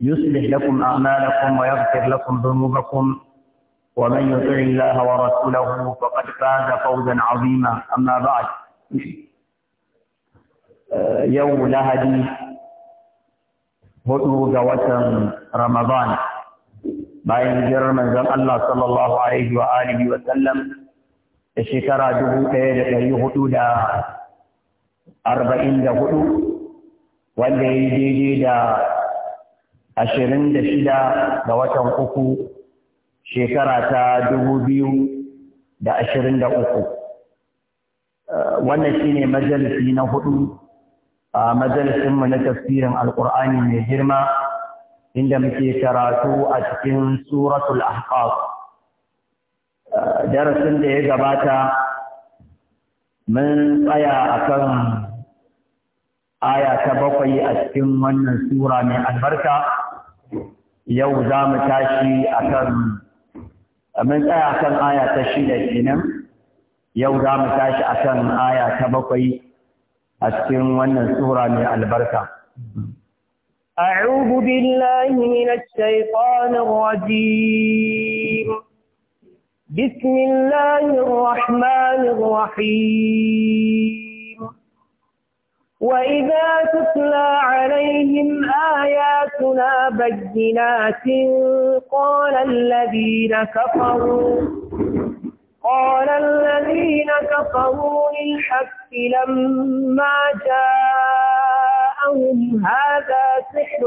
يصلح لكم أعمالكم ويغفر لكم ذنوبكم ومن يطع الله ورسوله فقد فاز فوزا عظيما أما بعد يوم لهدي هدو جوات رمضان بين من زم الله صلى الله عليه وآله وسلم الشكرا جبو كيد لأي دا أربعين دا هدو والذي يجي دا ashirin da shida ga watan uku shekara ta dubu biyu da ashirin da uku eh, wannan shine majalisi na hudu a majalisinmu na tafsirin alkur'ani mai girma inda muke karatu a cikin suratul ahqaf eh, darasin da ya gabata mun tsaya akan aya ta bakwai a cikin wannan sura mai albarka yau za mu tashi a kan mun tsaya a kan aya ta shida kenan yau za mu tashi a kan aya ta bakwai a cikin wannan tsura mai albarka أعوذ بالله من الشيطان الرجيم بسم الله الرحمن الرحيم وإذا تتلى عليهم آياتنا بينات قال الذين كفروا قال الذين كفروا للحق لما جاءهم هذا سحر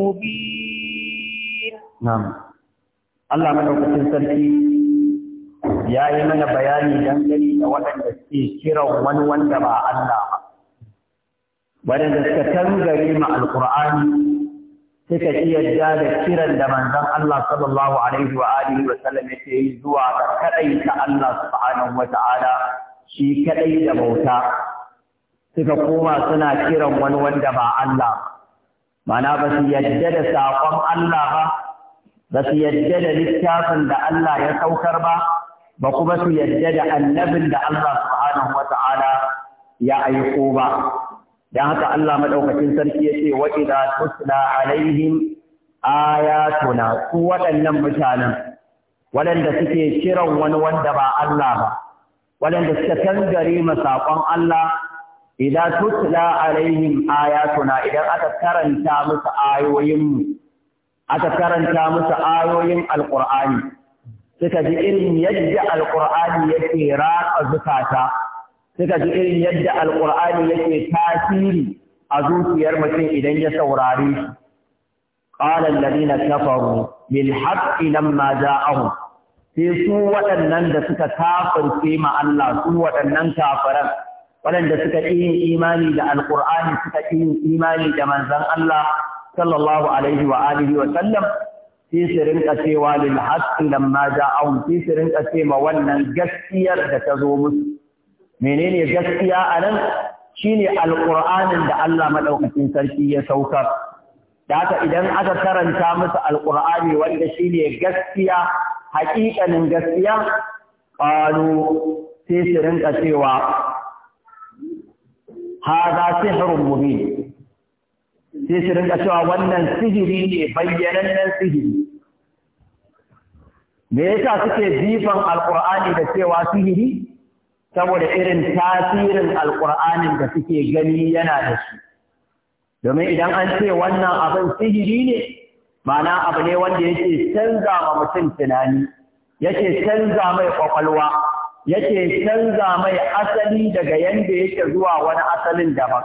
مبين نعم الله من وقت سرقي يا إيمان بياني دمجري وأن تسكي ومن ونوان الله waɗanda suka tangare ma alƙur'ani suka iya yadda da kiran da manzon Allah sallallahu alaihi wa alihi wa sallam yake yi zuwa ga kadai ta Allah subhanahu wa ta'ala shi kadai da bauta suka koma suna kiran wani wanda ba Allah mana ba su yadda da saƙon Allah ba ba su yadda da littafin da Allah ya saukar ba ba kuma su yadda da annabin da Allah subhanahu wa ta'ala ya aiko ba dan haka Allah madaukakin sarki yace wa idza tusla alaihim ayatuna su waɗannan mutanen waɗanda suke kiran wani wanda ba Allah ba waɗanda suka tangare masakon Allah idza tusla alaihim ayatuna idan aka karanta musu ayoyin aka karanta musu ayoyin alqur'ani suka ji irin yadda alqur'ani yake ratsa zukata Suka ji irin yadda alƙur'ani yake tasiri a zuciyar mutum idan ya saurari shi qala alladhina kafaru bil haqqi lamma ja'ahum sai su waɗannan da suka kafirce ma Allah su waɗannan kafiran waɗanda suka ƙi yin imani da alƙur'ani suka ƙi yin imani da manzon Allah sallallahu alaihi wa alihi wa sallam sai su rinka cewa lil haqqi lamma ja'ahum sai su rinka cewa wannan gaskiyar da ta zo musu menene gaskiya anan? nan shine alqur'anin da Allah madaukakin sarki ya saukar da haka idan aka karanta musu alqur'ani wanda shine gaskiya haƙiƙanin gaskiya qalu sai su rinka cewa hadha sihrun mubin sai su rinka cewa wannan sihiri ne bayyanannen sihiri me yasa suke jifan alqur'ani da cewa sihiri saboda irin tasirin alƙur'anin da suke gani yana da shi domin idan an ce wannan abin sihiri ne mana abu ne wanda yake canza ma mutum tunani yake canza mai ƙwaƙwalwa, yake canza mai asali daga yanda yake zuwa wani asalin daban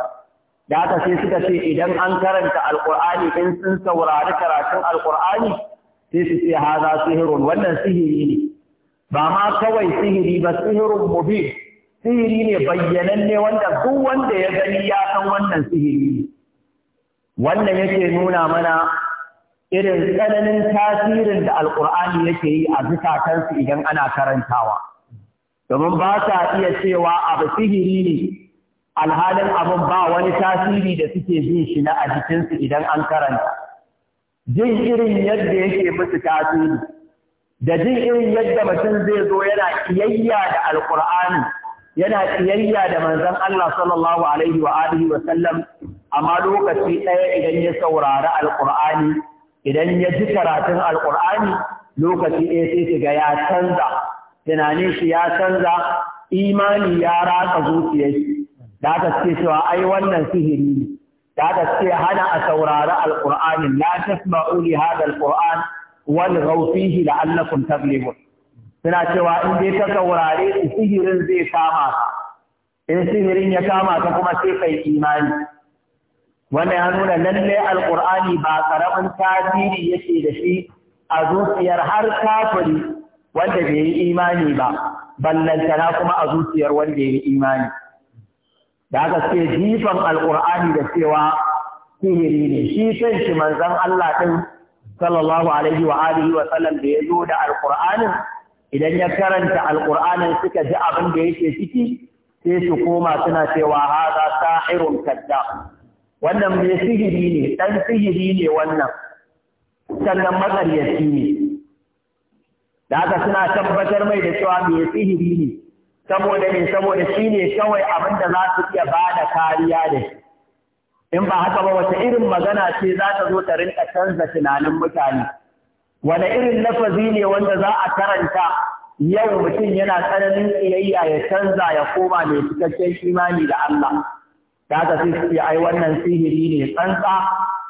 da haka sai suka ce idan an karanta alƙur'ani in sun saurari karatun alƙur'ani sai su ce haza sihirun wannan sihiri ne ba ma kawai sihiri ba sihirin mubi sihiri ne ne wanda duk wanda ya gani ya san wannan sihiri wannan yake nuna mana irin tsananin tasirin da alkur'ani yake yi a zukatansu idan ana karantawa domin ba sa iya cewa abu sihiri ne alhalin abin ba wani tasiri da suke jin shi na a jikinsu idan an karanta jin irin yadda yake musu tasiri da jin irin yadda mutum zai zo yana kiyayya da alkur'ani yana kiyayya da manzon Allah sallallahu alaihi wa alihi wa sallam amma lokaci ɗaya idan ya saurari alkur'ani idan ya ji karatun alkur'ani lokaci ɗaya sai kiga ya canza tunanin shi ya canza imani ya ratsa zuciyar shi da aka ce cewa ai wannan sihiri ne da aka ce hana a saurari alkur'ani la tasma'u li hadha alkur'an wal ghawfihi la'allakum taghlimun suna cewa in dai ka saurare su sihirin zai kama ka in sihirin ya kama ka kuma sai kai imani wannan ya nuna lalle alqur'ani ba karamin tasiri yake da shi a zuciyar har kafiri wanda bai yi imani ba ballantana kuma a zuciyar wanda ya yi imani da aka ce jifan alqur'ani da cewa sihiri ne shi kanshi manzon Allah din sallallahu alaihi wa alihi wa sallam da ya zo da alqur'anin idan ya karanta alqur'anin suka ji abin da yake ciki sai su koma suna cewa hada sahirun kadda wannan mai sihiri ne dan sihiri ne wannan sannan matsaryaci ne da haka suna tabbatar mai da cewa mai sihiri ne saboda ne saboda shi ne kawai abin da za su iya ba da kariya da shi in ba haka ba wata irin magana ce za ta zo ta rinka canza tunanin mutane wani irin lafazi ne wanda za a karanta yau mutum yana tsananin tsiyayya ya canza ya koma mai cikakken imani da Allah da sai su ai wannan sihiri ne tsantsa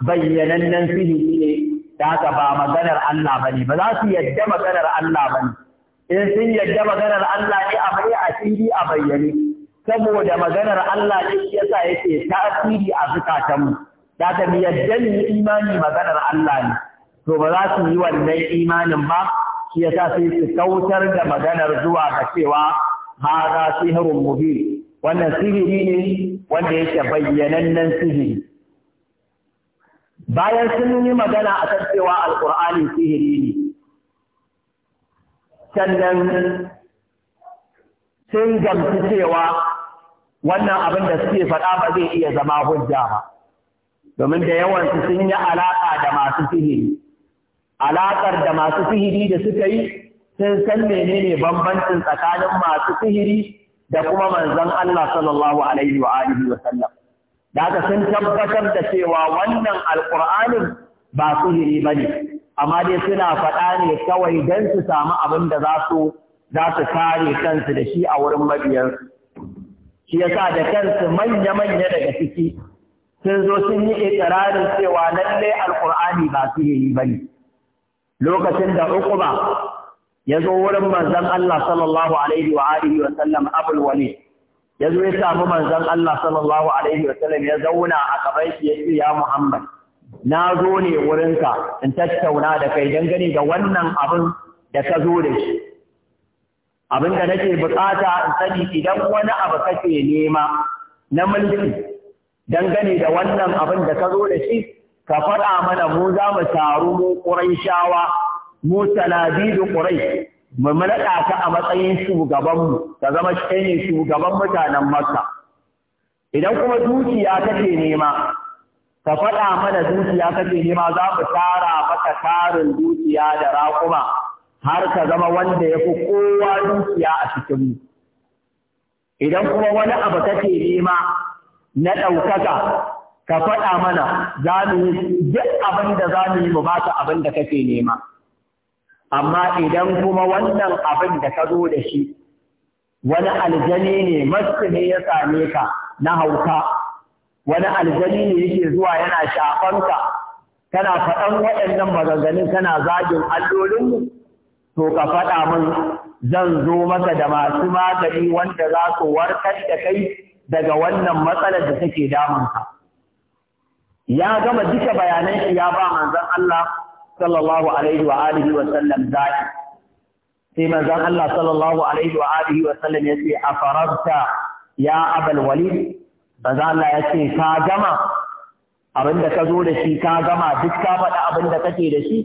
bayyanannen sihiri ne da haka ba maganar Allah ba ne ba za su yadda maganar Allah ba ne in sun yadda maganar Allah ne a bai a sihiri a bayyane saboda maganar Allah ne yasa yake tasiri a zukatanmu da ta mi yadda ni imani maganar Allah ne to ba za su yi wannan imanin ba shi yasa sai su tautar da maganar zuwa ga cewa su sihirun mubin wannan sihiri ne wanda yake bayyanannen sihiri bayan sun yi magana a kan cewa alƙur'ani sihiri ne sannan sun gamsu cewa wannan abin da suke faɗa ba zai iya zama hujja ba domin da yawansu sun yi alaƙa da masu sihiri alaƙar da masu sihiri da suka yi sun san menene bambancin tsakanin masu sihiri da kuma manzon Allah sallallahu alaihi wa alihi wa sallam da haka sun tabbatar da cewa wannan alƙur'anin ba sihiri ne. amma dai suna faɗa ne kawai don su samu abin da za su za su kare kansu da shi a wurin mabiyansu. shi yasa da kansu manya-manya daga ciki sun zo sun yi ikirarin cewa lallai alkur'ani ba su yi ba ne lokacin da uquba ya zo wurin manzan Allah sallallahu alaihi wa alihi wa sallam abul wali ya zo ya samu manzan Allah sallallahu alaihi wa sallam ya zauna a gaban shi ya ce ya Muhammad na zo ne wurinka in tattauna da kai dangane da wannan abin da ka zo da shi abin da nake bukata in sani idan wani abu kake nema na mulki dangane da wannan abin da ka zo da shi ka faɗa mana mu za mu taru mu shawa mu sanadidu ƙurai mu naɗa ka a matsayin shugabanmu ka zama shi ne shugaban mutanen makka idan kuma dukiya kake nema ka faɗa mana dukiya kake nema za mu tara maka tarin dukiya da raƙuma har ka zama wanda ya fi kowa dukiya a cikin mu idan kuma wani abu kake nema na ɗaukaka ka faɗa mana za mu yi duk abin da za mu yi mu baka abin da kake nema amma idan kuma wannan abin da ka zo da shi wani aljani ne masu ne ya same ka na hauka wani aljani ne yake zuwa yana shafanka kana faɗan waɗannan maganganun kana zagin allolinmu to ka faɗa min zan zo maka da masu magani wanda za su warkar da kai daga wannan matsalar da take damunka. Ya gama duka bayanan shi ya ba manzon Allah sallallahu alaihi wa alihi wa sallam zaki. Sai manzon Allah sallallahu alaihi wa alihi wa sallam ya ce a fararta ya abal walid manzon Allah ya ce ka gama abinda ka zo da shi ka gama duk ka faɗa abinda kake da shi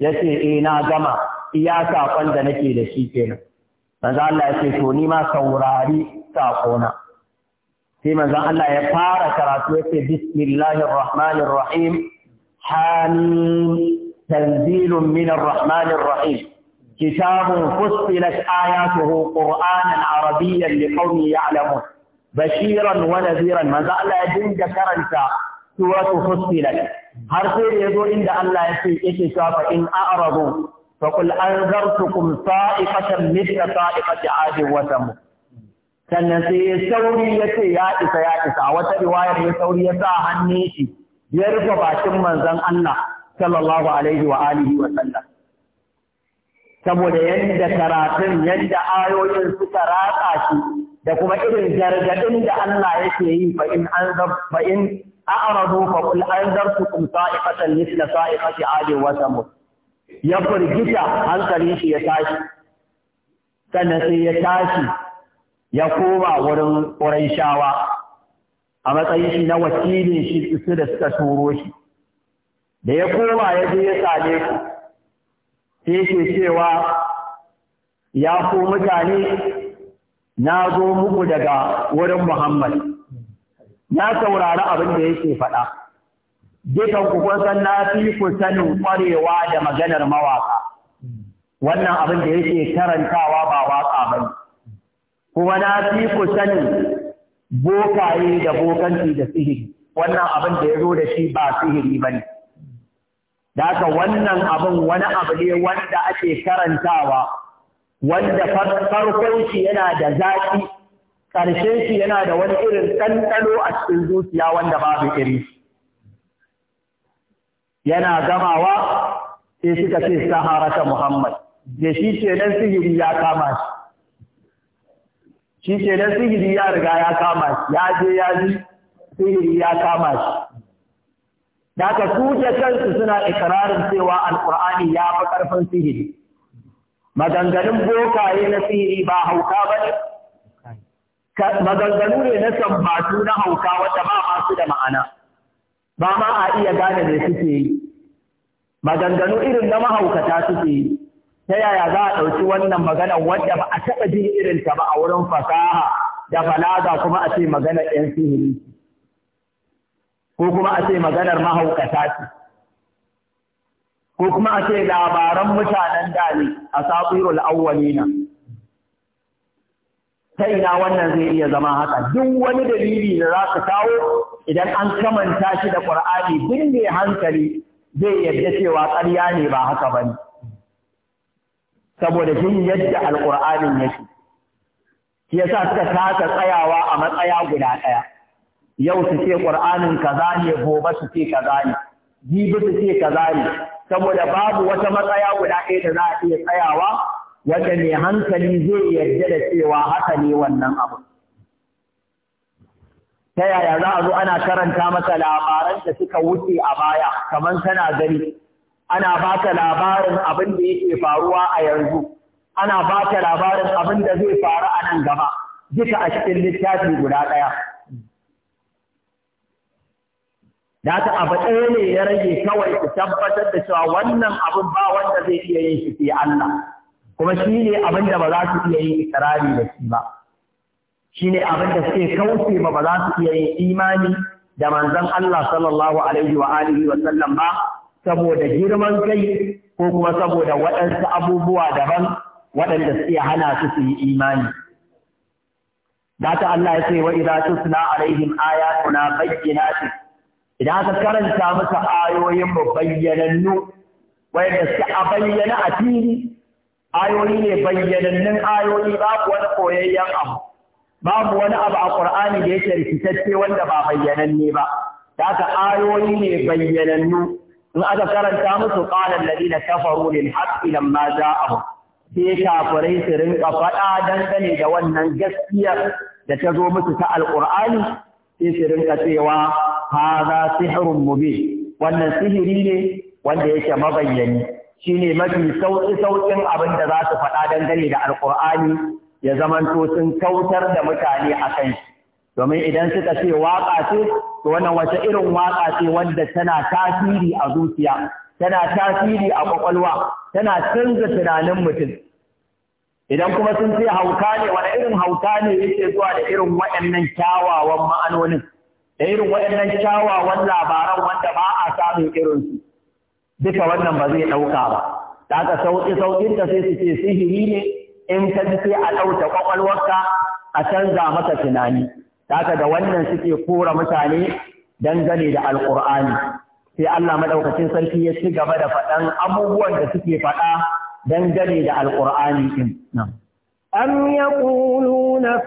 ya ce e na gama iya saƙon da nake da shi kenan manzo Allah ya ce to ni saurari saƙona sai maza Allah ya fara karatu ya ce bismillahir rahmanir rahim hamim tanzilun minar rahmanir rahim kitabun fussilat ayatuhu qur'anan arabiyyan liqaumin ya'lamun bashiran wa nadhiran manzo Allah ya dinga karanta suratu fussilat har sai da yazo inda Allah ya ce yake cewa in a'radu فقل أنذرتكم طائفة مثل طائفة عاد وثمود sannan sai ya sauri ya ce ya isa ya isa wata riwayar ya sauri ya sa hannun shi ya rufe bakin manzon Allah sallallahu alaihi wa alihi wa sallam saboda yadda karatun yadda ayoyin suka ratsa shi da kuma irin gargadin da Allah yake yi fa in an fa in a'radu fa qul anzartukum sa'ifatan mithla sa'ifati 'ad wa samud ya firgita hankalin shi ya tashi sannan sai ya tashi ya koma wurin ƙurai a matsayin shi na wakilin shi su da suka turo shi da ya koma ya je ya same ku. sai ce cewa ya ku mutane na zo muku daga wurin Muhammad na saurari abin da yake faɗa dukan ku kun san na fi ku sanin kwarewa da maganar mawaka wannan abin da yake karantawa ba waka ba kuma na fi ku sanin bokaye da bokanci da sihiri wannan abin da ya zo da shi ba sihiri ba ne da wannan abin wani abu ne wanda ake karantawa wanda farkon shi yana da zaƙi ƙarshen shi yana da wani irin ɗanɗano a cikin zuciya wanda babu iri shi yana gamawa sai suka ce saharata Muhammad da shi ce nan sihiri ya kama shi shi ce nan sihiri ya riga ya kama shi ya je ya ji sihiri ya kama shi daga su da kansu suna ikirarin cewa alkur'ani ya fi karfin sihiri maganganun bokaye na sihiri ba hauka ba ne maganganu ne na sambatu na hauka wata ba masu da ma'ana ba ma a iya gane da suke yi maganganu irin na mahaukata suke yi ta yaya za a ɗauki wannan magana wadda ba a taɓa jin irin ta ba a wurin fasaha da balaga kuma a ce maganar ƴan sihiri ko kuma a ce maganar mahaukata ce ko kuma a ce labaran mutanen da ne a sabirul awwalina ta ina wannan zai iya zama haka duk wani dalili da za ka kawo idan an kamanta shi da Qur'ani duk hankali zai yarda cewa ƙarya ne ba haka ba ne. Saboda jin yadda Alƙur'anin yake. Shi yasa suka saka tsayawa a matsaya guda ɗaya. Yau su ce Ƙur'anin kaza ne, gobe su ce kaza ne, jibi su ce kaza ne, saboda babu wata matsaya guda ɗaya da za a iya tsayawa wanda mai hankali zai yarda da cewa haka ne wannan abu. ta yaya za a zo ana karanta masa labaran da suka wuce a baya kamar tana gani ana baka labarin abin da yake faruwa a yanzu ana baka labarin abin da zai faru a nan gaba duka a cikin littafi guda ɗaya da ta abu ɗaya ne ya rage kawai ku tabbatar da cewa wannan abin ba wanda zai iya yin shi sai Allah kuma shi ne abin da ba za su iya yin ikirari da shi ba shine abin da suke kauce ma ba za su iya yin imani da manzon Allah sallallahu alaihi wa alihi wa sallam ba saboda girman kai ko kuma saboda waɗansu abubuwa daban waɗanda suke hana su su yi imani Data Allah ya ce wa idza tusla alaihim ayatuna bayyinatin idan aka karanta musu ayoyin mu bayyanannu wanda suke a bayyana a fili ayoyi ne bayyanannun ayoyi Ba ku wani koyayyen abu babu wani abu a Qur'ani da yake rikitacce wanda ba bayyananne ba da aka ayoyi ne bayyanannu in aka karanta musu qala na kafaru lil za a ja'ahum sai kafirai su rinka faɗa dangane da wannan gaskiyar da ta zo musu ta alqur'ani sai su rinka cewa sihirin mu mubin wannan sihiri ne wanda yake mabayyani shine mafi sauƙi-sauƙin abin da za su faɗa dangane da alqur'ani ya zamanto sun kautar da mutane a kan shi domin idan suka ce waƙa ce to wannan wace irin waƙa ce wanda tana tasiri a zuciya tana tasiri a kwakwalwa tana canza tunanin mutum idan kuma sun ce hauka ne wani irin hauka ne yake zuwa da irin waɗannan kyawawan ma'anonin da irin waɗannan kyawawan labaran wanda ba a samun irinsu duka wannan ba zai ɗauka ba da ka sauƙi sauƙinta sai su ce sihiri ne in ka ji sai a ɗauta ƙwaƙwalwarka a canza masa tunani haka da wannan suke kora mutane dangane da alƙur'ani sai Allah maɗaukacin sarki ya ci gaba da faɗan abubuwan da suke faɗa dangane da alƙur'ani din nan am yaquluna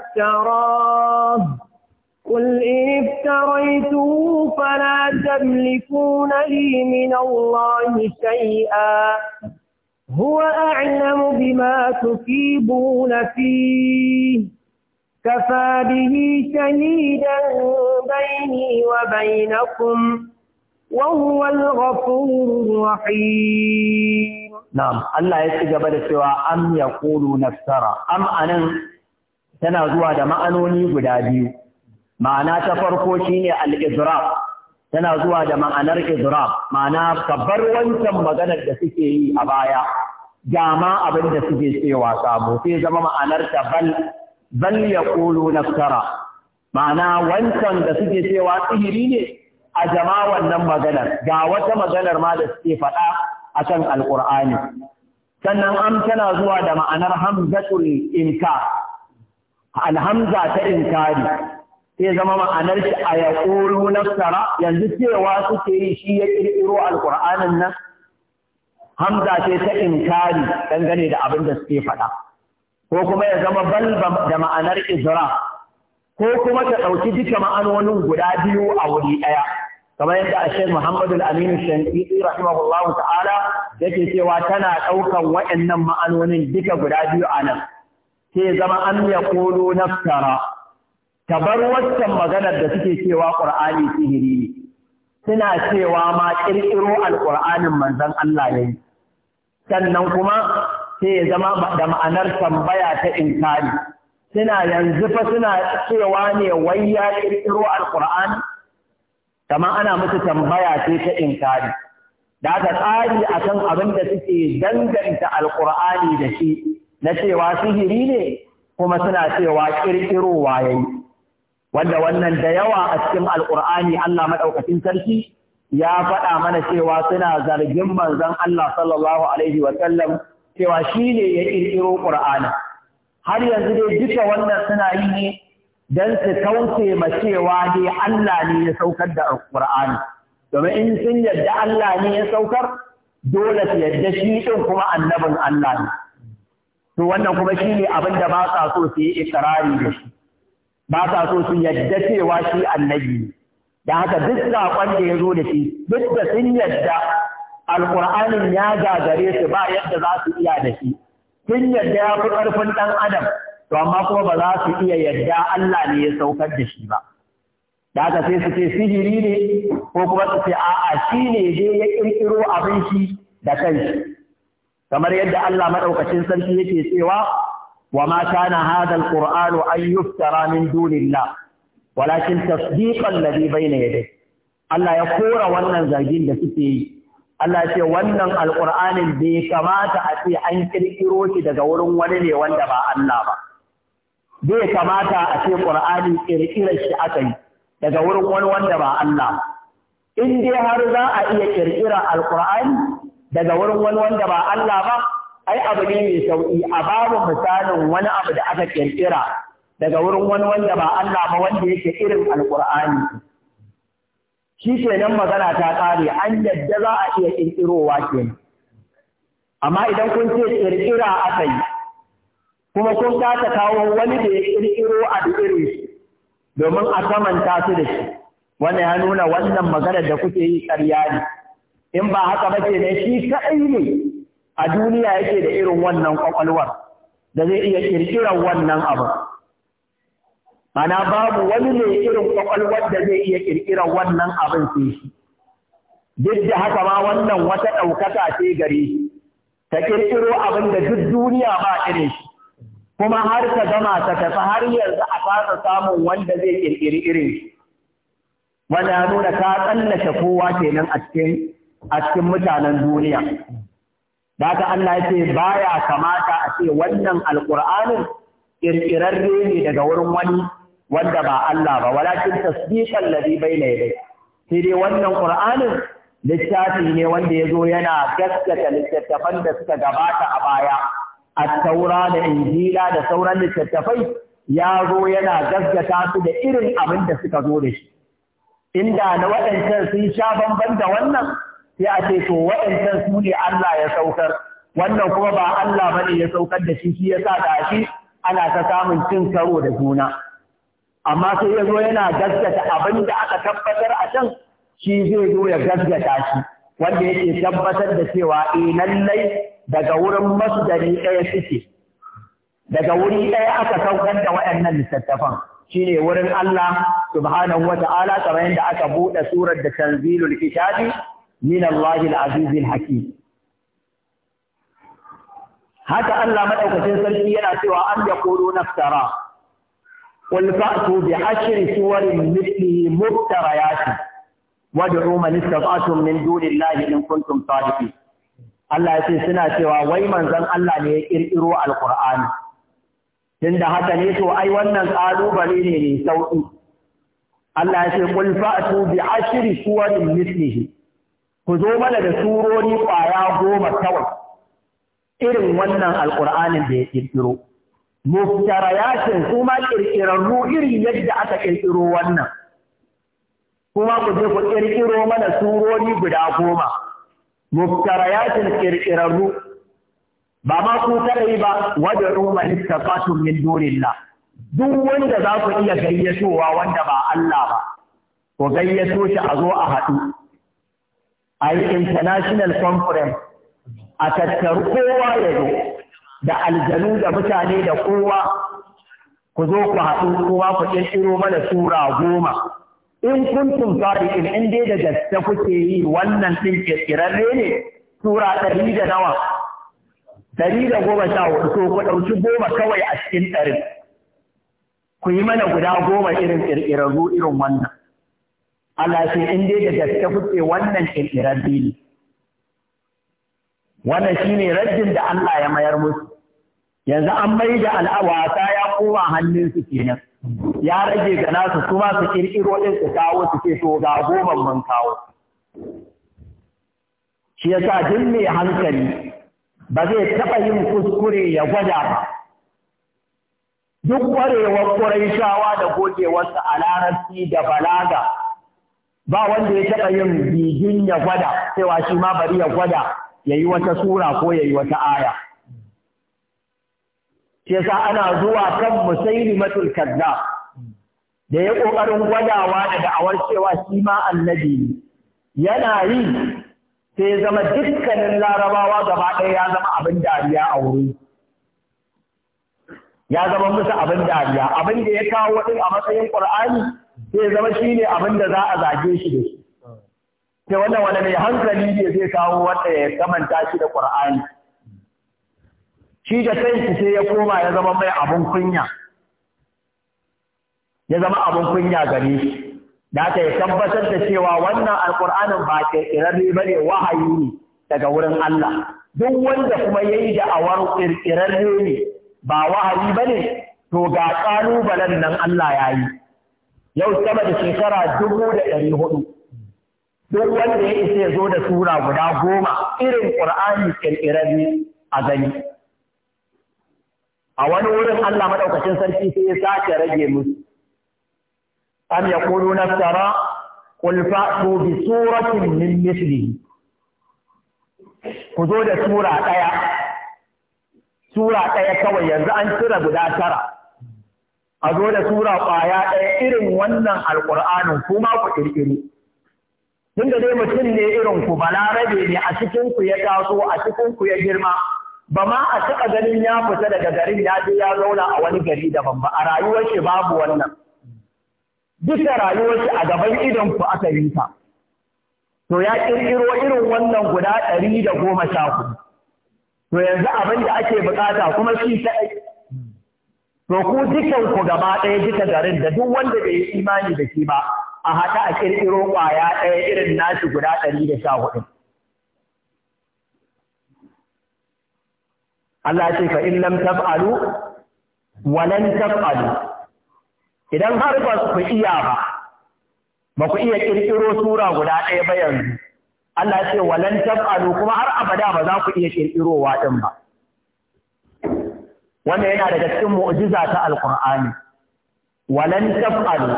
قل إن افتريته فلا تملكون لي من الله شيئا هو أعلم بما تفيضون فيه كفى به شهيدا بيني وبينكم وهو الغفور الرحيم نعم الله يتجب لسوى أم يقولون افترى أم أنا تنازوها دمأنوني قدابيو ma'ana ta farko shine al-idrab tana zuwa da ma'anar idrab ma'ana kabar wancan maganar da suke yi a baya Gama abin da suke cewa sabo sai zama ma'anarta bal bal kulu naftara ma'ana wancan da suke cewa tsihiri ne a jama wannan maganar ga wata maganar ma da suke faɗa a kan alƙur'ani sannan am tana zuwa da ma'anar hamzatul inka alhamza ta inkari sai zama ma'anar shi a kulu naftara yanzu cewa suke yi shi ya ƙirƙiro alƙur'anin nan hamza ce ta inkari dangane da abin da suke faɗa ko kuma ya zama balba da ma'anar izra ko kuma ta ɗauki duka ma'anonin guda biyu a wuri ɗaya kamar yadda a Muhammad muhammadu aminu shanƙiƙi rahimahullahu ta'ala yake cewa tana ɗaukan waɗannan ma'anonin duka guda biyu a nan sai zama an ya kolo naftara ta bar waccan maganar da suke cewa ƙur'ani sihiri ne suna cewa ma ƙirƙiro alƙur'anin manzon Allah ya sannan kuma sai ya zama da ma'anar tambaya ta inkari suna yanzu fa suna cewa ne wai ya ƙirƙiro alƙur'ani kamar ana musu tambaya ce ta inkari da aka tsari a kan abin da suke danganta alƙur'ani da shi na cewa sihiri ne kuma suna cewa ƙirƙirowa ya yi wanda wannan da yawa a cikin alkur'ani Allah maɗaukacin sarki ya faɗa mana cewa suna zargin manzon Allah sallallahu alaihi wa sallam cewa ne ya ƙirƙiro Ƙur'ana. har yanzu dai duka wannan suna yi ne don su kauce ma cewa ne Allah ne ya saukar da ƙur'ani domin in sun yarda Allah ne ya saukar dole su yarda shi ɗin kuma annabin Allah ne to wannan kuma shine abin da ba sa so su yi ikrari da shi ba sa so su yadda cewa shi annabi ne da haka duk saƙon da ya zo da shi duk da sun yadda alƙur'anin ya gagare su ba yadda za su iya da shi sun yadda ya fi ƙarfin ɗan adam to amma kuma ba za su iya yadda Allah ne ya saukar da shi ba da haka sai su ce sihiri ne ko kuma su ce a'a shi ne dai ya ƙirƙiro abin shi da kai. kamar yadda Allah maɗaukacin sarki yake cewa وما كان هذا القرآن أن يفترى من دون الله ولكن تصديق الذي بين يديه Allah ya kora wannan zargin da suke yi Allah ya ce wannan alƙur'anin bai kamata a ce an ƙirƙiro shi daga wurin wani ne wanda ba Allah ba bai kamata a ce Qur'ani kirkirar shi aka yi daga wurin wani wanda ba Allah in dai har za a iya kirkira alƙur'ani daga wurin wani wanda ba Allah ba ai abu ne mai sauƙi a babu misalin wani abu da aka kirkira daga wurin wani wanda ba Allah ba wanda yake irin alƙur'ani shi kenan magana ta ƙare an yadda za a iya ƙirƙirowa kenan amma idan kun ce ƙirƙira aka yi kuma kun kasa kawo wani da ya ƙirƙiro a irin shi domin a samanta su da shi wannan ya nuna wannan maganar da kuke yi ƙarya ne in ba haka ba ce ne shi kaɗai ne a duniya yake da irin wannan kwakwalwar da zai iya kirkirar wannan abu mana babu wani ne irin kwakwalwar da zai iya kirkirar wannan abin sai shi duk da haka ma wannan wata ɗaukaka ce gare shi ta kirkiro abin da duk duniya ba irin shi kuma har ta gama ta tafi har yanzu a fasa samun wanda zai kirkiri irin shi wanda nuna ka tsallake kowa kenan a cikin mutanen duniya Daka Allah ce baya kamata a ce wannan alƙur'anin ƙirƙirarre ne daga wurin wani wanda ba Allah ba, walakin tasbiqan ladhi baina yadayhi. Sai dai wannan ƙur'anin littafi ne wanda ya zo yana gaskata littattafan da suka gabata a baya, A taura da injila da sauran littattafai ya zo yana gaskata su da irin abin da suka zo da shi. Inda na waɗancan sun sha bamban da wannan sai a ce to waɗancan su ne Allah ya saukar wannan kuma ba Allah ba ne ya saukar da shi shi ya sa da shi ana ta samun cin karo da juna amma sai ya zo yana gaskata abin da aka tabbatar a can shi zai zo ya gaskata shi wanda yake tabbatar da cewa eh lallai daga wurin masdari ɗaya suke daga wuri ɗaya aka saukar da waɗannan littattafan shine wurin Allah subhanahu wa ta'ala kamar yadda aka buɗe surar da tanzilul kitabi min Allah al-aziz haka Allah maɗaukacin sarki yana cewa an yaqulu naftara qul su bi ashri suwarin mithlihi muftarayat wad'u man istata'tum min dunillahi in kuntum sadiqin Allah ce suna cewa wai manzon Allah ne ya kirkiro alqur'ani tunda haka ne to ai wannan ƙalubale ne mai sauƙi. Allah yace qul su bi ashri suwarin mithlihi ku zo mana da surori ƙwaya goma kawai irin wannan alƙur'anin da ya ƙirƙiro muftarayatin kuma ƙirƙirarru irin yadda aka ƙirƙiro wannan kuma ku je ku ƙirƙiro mana surori guda goma ya muftarayatin ƙirƙirarru ba ma ku tare ba roma iska istata'tum min dunillah duk wanda za ku iya gayyatowa wanda ba Allah ba ku gayyato shi a zo a haɗu a yi international conference a tattaru kowa ya zo da aljanu da mutane da kowa ku zo ku haɗu kowa ku ƙirƙiro mana sura goma in kuntum sadiqin in dai da gaske kuke yi wannan ɗin ƙirƙirarre ne sura ɗari da nawa ɗari da goma sha hudu so ku ɗauki goma kawai a cikin ɗarin ku yi mana guda goma irin ƙirƙirarru irin wannan Allah in dai da gaske kuke wannan kirkirarri ne. Wannan shi ne raddin da Allah ya mayar musu. Yanzu an bai da al'awata ya koma hannunsu kenan. Ya rage ga nasu su ma su kirkiro ɗin su kawo su ce to ga goma mun kawo. Shi ya sa duk mai hankali ba zai taɓa yin kuskure ya gwada ba. Duk ƙwarewar kurai shawa da gogewarsa a larabci da balaga ba wanda ya taɓa yin bigin ya gwada cewa shi ma bari ya gwada ya yi wata sura ko ya yi wata aya Ke sa ana zuwa kan musaili matul kadda da ya ƙoƙarin gwadawa da da'awar cewa shi ma annabi ne yana yi sai ya zama dukkanin larabawa gaba ɗaya ya zama abin dariya a wuri ya zama musu abin dariya abin da ya kawo ɗin a matsayin ƙur'ani zai zama shi ne abin da za a zage shi da shi sai wannan wani mai hankali ne zai kawo wanda ya kamanta shi da ƙur'ani? shi da kanshi sai ya koma ya zama mai abun kunya ya zama abin kunya gare shi da aka yi tabbatar da cewa wannan alƙur'anin ba ke ƙirarre ba ne wahayi ne daga wurin Allah duk wanda kuma ya yi da'awar ƙirƙirarre ne ba wahayi ba ne to ga ƙalubalen nan Allah ya yi yau sama da shekara dubu da ɗari hudu duk wanda ya isa ya zo da sura guda goma irin ƙur'ani ƙirƙirarri a gani a wani wurin Allah maɗaukacin sarki sai ya sake rage musu am na tsara ƙulfa ko bi suratin min misli. ku zo da sura ɗaya sura ɗaya kawai yanzu an cire guda tara a zo da tura ƙwaya ɗaya irin wannan alƙur'anin kuma ku ƙirƙiri. Tun da dai mutum ne irin ku rabe ne a cikinku ya taso a cikinku ya girma ba ma a taɓa ganin ya fita daga garin ya je ya zauna a wani gari daban ba a rayuwar shi babu wannan. da rayuwar shi a gaban idon ku aka yi ta. To ya ƙirƙiro irin wannan guda ɗari da goma sha hudu. To yanzu abin da ake buƙata kuma shi kaɗai to ku dukan ku gaba ɗaya duka garin da duk wanda bai yi imani da shi ba a haɗa a ƙirƙiro ƙwaya ɗaya irin nashi guda ɗari da sha hudu. Allah ce fa in lam taf'alu wa lan taf'alu idan har ba ku iya ba ba ku iya ƙirƙiro sura guda ɗaya ba yanzu Allah ce wa lan taf'alu kuma har abada ba za ku iya ƙirƙirowa ɗin ba Wannan yana daga cikin mu'jiza ta alqur'ani walan taf'alu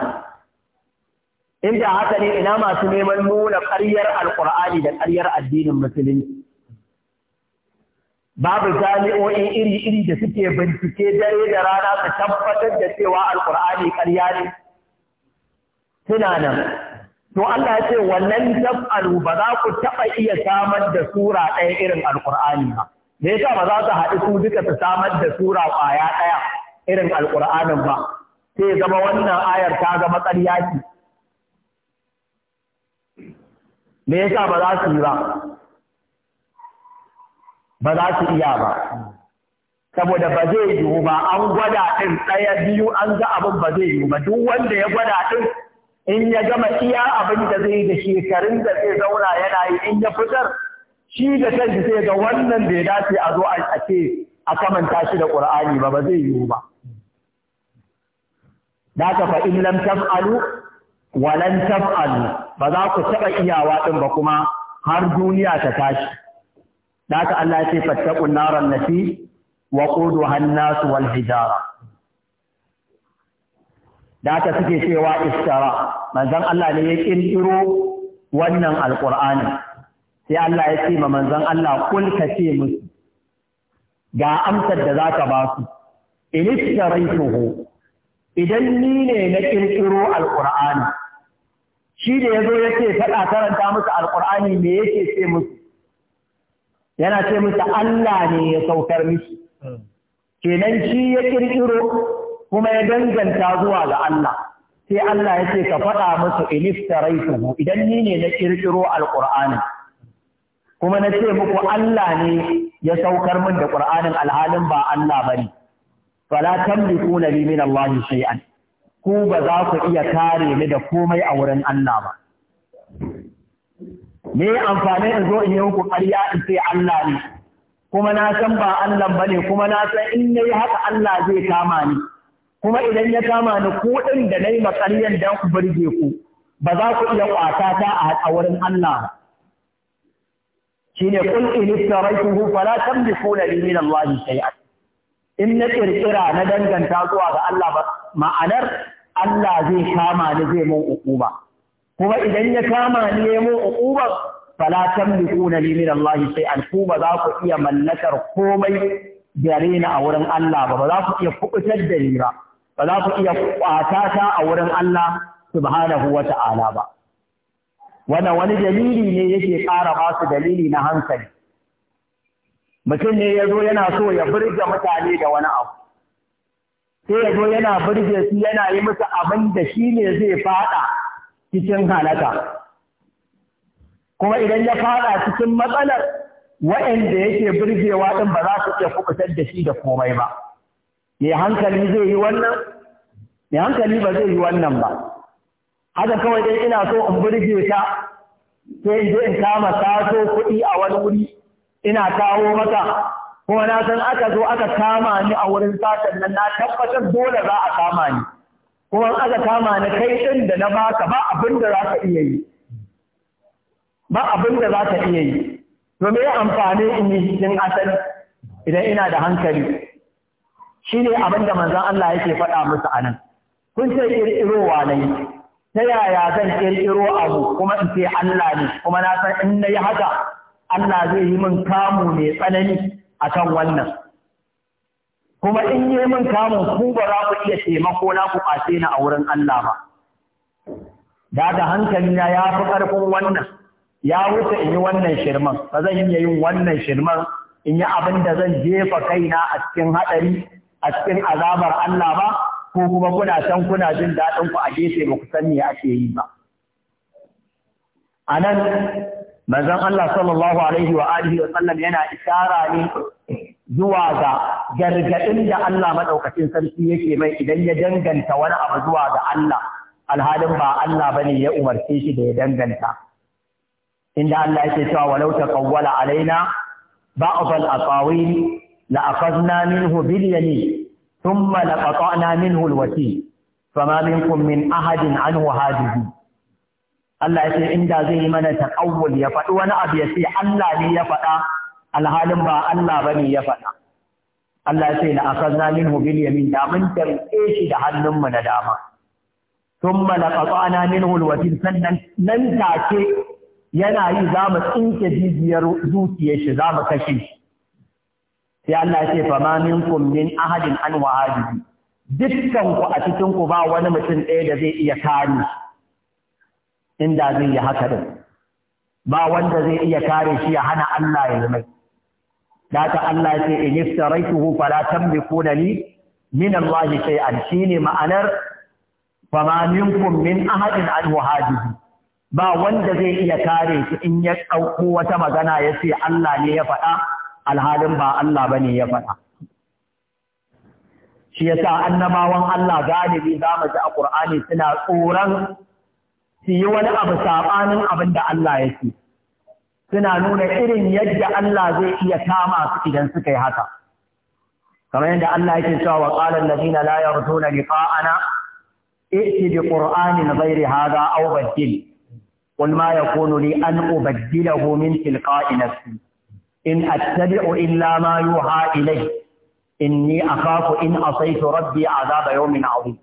inda haka ne ina masu neman nuna ƙaryar Alƙur'ani da ƙaryar addinin musulunci babu jami'o'i iri-iri da suke bincike dare da rana su tabbatar da cewa Alƙur'ani ƙarya ne suna nan to Allah ya ce wannan taf'alu ba za ku taɓa iya samar da sura ɗaya irin Alƙur'ani ba me yasa ba za su haɗu su duka su samar da sura ƙwaya ɗaya irin alƙur'anin ba sai zama wannan ayar ta zama ƙarya ce me yasa ba za su yi ba ba za su iya ba saboda ba zai yiwu ba an gwada ɗin ɗaya biyu an ga abin ba zai yiwu ba duk wanda ya gwada ɗin in ya gama iya abin da zai da shekarun da zai zauna yana yi in ya fitar shi da kanshi sai ga wannan bai dace a zo a ce a kamanta shi da Qur'ani ba ba zai yiwu ba da ka fa in lam taf'alu wa lan taf'alu ba za ku taba iyawa din ba kuma har duniya ta tashi da ka Allah ya ce fattaqun naran nati wa quduha an-nas wal hijara da ka suke cewa istara manzon Allah ne ya kirkiro wannan alqur'ani sai Allah ya ce ma manzon Allah kul ka ce musu ga amsar da zaka ba su in istaraituhu idan ni ne na kirkiro alqur'ani shi da yazo yace fada karanta musu alqur'ani me yake ce musu yana ce musu Allah ne ya saukar mishi kenan shi ya kirkiro kuma ya danganta zuwa ga Allah sai Allah ya ce ka faɗa musu in taraituhu idan ni ne na kirkiro alqur'ani kuma na ce muku Allah ne ya saukar min da Qur'anin alhalin ba Allah bane fala tamlikuna li min Allah shay'an ku ba za ku iya kare ni da komai a wurin Allah ba me amfani in zo in yi muku ƙarya in ce Allah ne kuma na san ba Allah bane kuma na san in yi haka Allah zai kama ni kuma idan ya kama ni ko din da nayi makaryan dan ku burge ku ba za ku iya kwata ta a wurin Allah ba shine qul in iftaraytuhu fala tamlikuna li min Allah shay'an in na kirkira na danganta zuwa ga Allah ba ma'anar Allah zai kama ni zai mun uquba kuma idan ya kama ni ya mun uquba fala tamlikuna li min Allah shay'an ku ba za ku iya mallakar komai gare ni a wurin Allah ba ba za ku iya kubutar da ni ba ba za ku iya kwata ta a wurin Allah subhanahu wa ta'ala ba wannan wani dalili ne yake ƙara masu dalili na hankali mutum ne ya zo yana so ya burge mutane da wani abu sai ya zo yana burge su yana yi musu abin da shi ne zai faɗa cikin halaka kuma idan ya faɗa cikin matsalar waɗanda yake burgewa ɗin ba za su iya kubutar da shi da komai ba mai hankali zai yi wannan mai hankali ba zai yi wannan ba haka kawai dai ina so in burge ta sai in je in kama taso kuɗi a wani wuri ina kawo maka, kuma na san aka zo aka kama ni a wurin satan nan na tabbatar dole za a kama ni kuma aka kama ni kai ɗin da na baka ba abin da za ka iya yi ba abin da za ka iya yi to me amfani in yi cikin asali idan ina da hankali shine abinda da manzon Allah yake faɗa musu anan kun ce irowa ne ta yaya zan ƙirƙiro abu kuma in ce Allah ne kuma na san in na yi haka Allah zai yi min kamu mai tsanani a kan wannan kuma in yi min kamun ku ba za ku iya taimako na ku ƙwace ni a wurin Allah ba da hankali na ya fi ƙarfin wannan ya wuce in yi wannan shirman ba zan iya yin wannan shirman in yi abin da zan jefa kaina a cikin haɗari a cikin azabar Allah ba ko kuma kuna can kuna jin daɗin ku a gefe ba ku san me ake yi ba a nan manzon Allah sallallahu alaihi wa alihi wa sallam yana isara ne zuwa ga gargaɗin da Allah maɗaukacin sarki yake mai idan ya danganta wani abu zuwa ga Allah alhalin ba Allah bane ya umarce shi da ya danganta inda Allah yake cewa walau kawwala alaina ba'd al-aqawil la minhu bil yamin thumma laqata'na minhu alwati fama minkum min ahadin anhu hadihi Allah ya ce inda zai yi mana taƙawul ya faɗi wani abu ya ce Allah ne ya faɗa alhalin ba Allah ba ne ya faɗa Allah ya ce la akhadna minhu bil yamin da mun tarke shi da hannunmu na dama thumma laqata'na minhu alwatin sannan nan take yana yi za mu tsinke jijiyar zuciyar shi za mu kashe shi sai Allah ya ce fa ma minkum min ahadin an wa'adihi dukkan ku a cikin ku ba wani mutum ɗaya da zai iya kare inda zai yi haka din ba wanda zai iya kare shi ya hana Allah ya mai da ta Allah ya ce in iftaraituhu fala tamlikuna li min Allah shay'an shine ma'anar fa ma minkum min ahadin an wa'adihi ba wanda zai iya kare shi in ya ɗauko wata magana ya ce Allah ne ya faɗa alhalin ba Allah ba ne ya faɗa shi yasa annabawan Allah galibi za mu ji a ƙur'ani suna tsoron su yi wani abu saɓanin abin da Allah ya ce suna nuna irin yadda Allah zai iya kama su idan suka yi haka kamar yadda Allah yake cewa wa qala allazina la yarjuna liqa'ana i'ti bi qur'anin ghairi hadha aw badil qul ya yakunu li an ubaddilahu min tilqa'i nafsi in attabi'u illa ma yuha ilai inni akhafu in asaitu rabbi azaba yawmin azim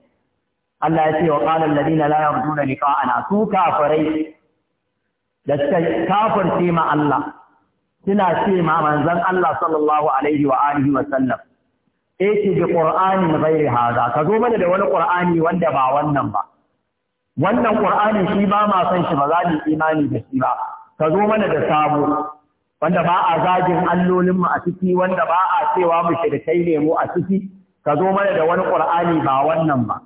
Allah ya ce wa qala alladhina la yarjuna liqa'ana su kafirai da suka kafirce ma Allah suna ce ma manzon Allah sallallahu alaihi wa alihi wa sallam ake bi qur'anin ghairi hada ka zo mana da wani qur'ani wanda ba wannan ba wannan qur'ani shi ba ma san shi ba za mu imani da shi ba ka zo mana da sabo wanda ba a zagin allolinmu a ciki wanda ba a cewa mu shirkai ne mu a ciki ka zo mana da wani qur'ani ba wannan ba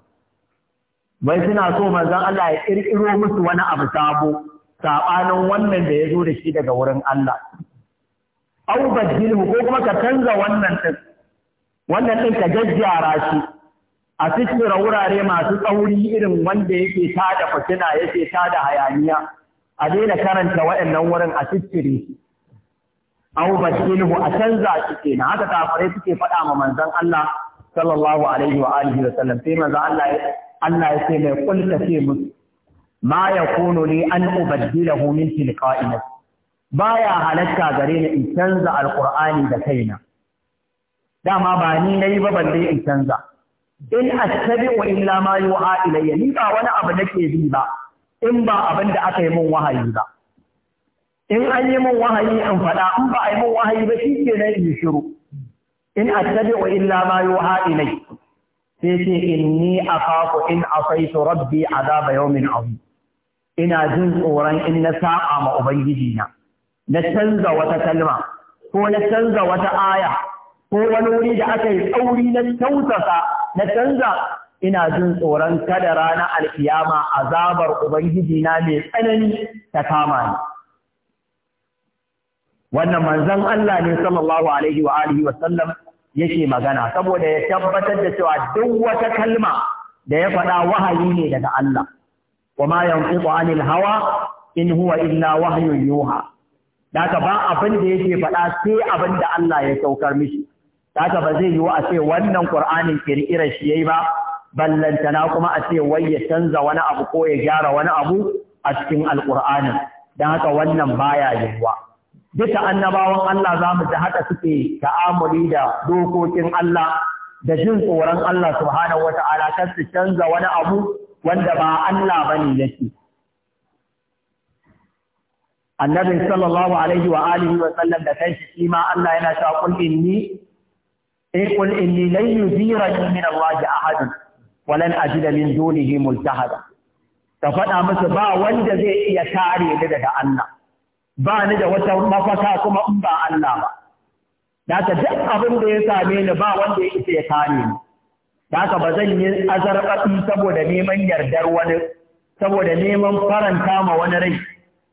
wai suna so manzon Allah ya kirkiro musu wani abu sabo sabanin wannan da ya da shi daga wurin Allah aw badilhu ko kuma ka canza wannan din wannan din ka jajjara shi a cikin wurare masu tsauri irin wanda yake tada fitina yake tada hayaniya a daina karanta waɗannan wurin a cikin aw badilhu a canza shi kenan haka kafirai suke faɗa ma manzon Allah sallallahu alaihi wa alihi wa sallam sai manzon Allah ya Allah ya ce mai kul ce musu ma yakunu ne an ubaddilahu min tilqa'i baya halatta gare ni in canza alqur'ani da kaina dama ba ni nayi ba balle in canza in attabi'u illa ma yuha ilayya ni ba wani abu nake bi ba in ba abin da aka yi min wahayi ba in an yi min wahayi in faɗa in ba a yi min wahayi ba shi ke nan in shiru in a wa illa ma yuha ilai sai ce a akhafu in su rabbi azaba yawmin azim ina jin tsoron in na sa'a ma ubangiji na na canza wata kalma ko na canza wata aya ko wani wuri da aka yi tsauri na tausasa na canza ina jin tsoron kada ranar alkiyama azabar ubangiji na mai tsanani ta kama ni wannan manzon Allah ne sallallahu alaihi wa alihi wa sallam yake magana saboda ya tabbatar da cewa duk wata kalma da ya faɗa wahayi ne daga Allah wama yanfiqu anil hawa in huwa illa wahyun yuha daga ba abin da yake faɗa sai abin da Allah ya saukar mishi daga ba zai yi wa a ce wannan Qur'anin kirkirar shi yayi ba ballantana kuma a ce wai ya canza wani abu ko ya gyara wani abu a cikin alƙur'anin don haka wannan baya yiwuwa duka annabawan Allah za mu ji haka suke ta'amuli da dokokin Allah da jin tsoron Allah subhanahu wa ta'ala kan su canza wani abu wanda ba Allah ba ne yake. Annabin sallallahu alaihi wa alihi wa sallam da kai shi ma Allah yana cewa kul inni eh kul inni lan yuzirani min Allah ahad wa lan ajida min dunihi multahada. Ka faɗa musu ba wanda zai iya kare ni daga Allah. ba ni da wata mafaka kuma in ba Allah ba. Da ka duk abin da ya same ni ba wanda ya isa ya kame ni. Da ka ba zan yi azarbaɗi saboda neman yardar wani, saboda neman faranta ma wani rai.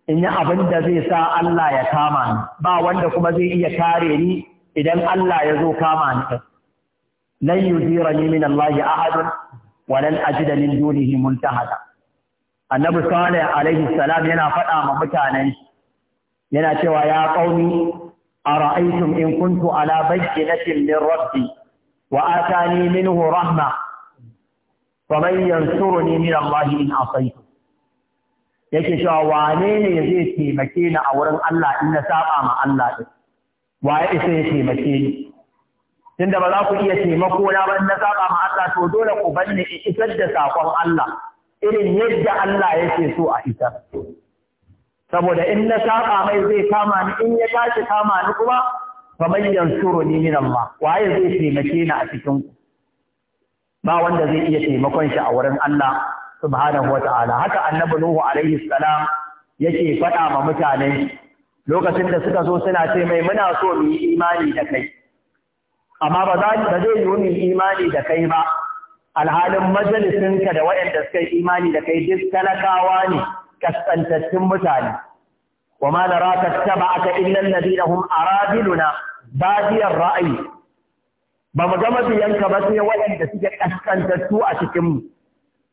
In yi abin da zai sa Allah ya kama ni, ba wanda kuma zai iya kare ni idan Allah ya zo kama ni. Lan zira ni min Allah ahadun wa lan ajida min dunihi tahada. Annabi Salih alaihi salam yana faɗa ma mutanen shi yana cewa ya ƙauni a ara'aytum in kuntu ala bayyinatin min rabbi wa atani minhu rahma tsoro ne min Allah in asaytu yake cewa wane ne zai taimake ni a wurin Allah in na saba ma Allah ɗin? Wa ya isa ya taimake ni tunda ba za ku iya taimako na ba na saba ma Allah to dole ku banne isar da saƙon Allah irin yadda Allah yake so a isar saboda in na saba mai zai kama ni in ya tashi kama ni kuma fa man yansuru ni min Allah waye zai taimake ni a cikin ku ba wanda zai iya taimakon shi a wurin Allah subhanahu wataala haka annabi nuhu alaihi salam yake faɗa ma mutane lokacin da suka zo suna ce mai muna so mu yi imani da kai amma ba za zai yi mu imani da kai ba alhalin majalisinka da waɗanda suka yi imani da kai duk talakawa ne kaskantattun mutane aka ma naraka taba'aka illa a hum aradiluna badiyar ra'ayi ba mu ga mabiyanka ba sai waɗanda suke kaskantattu a cikin mu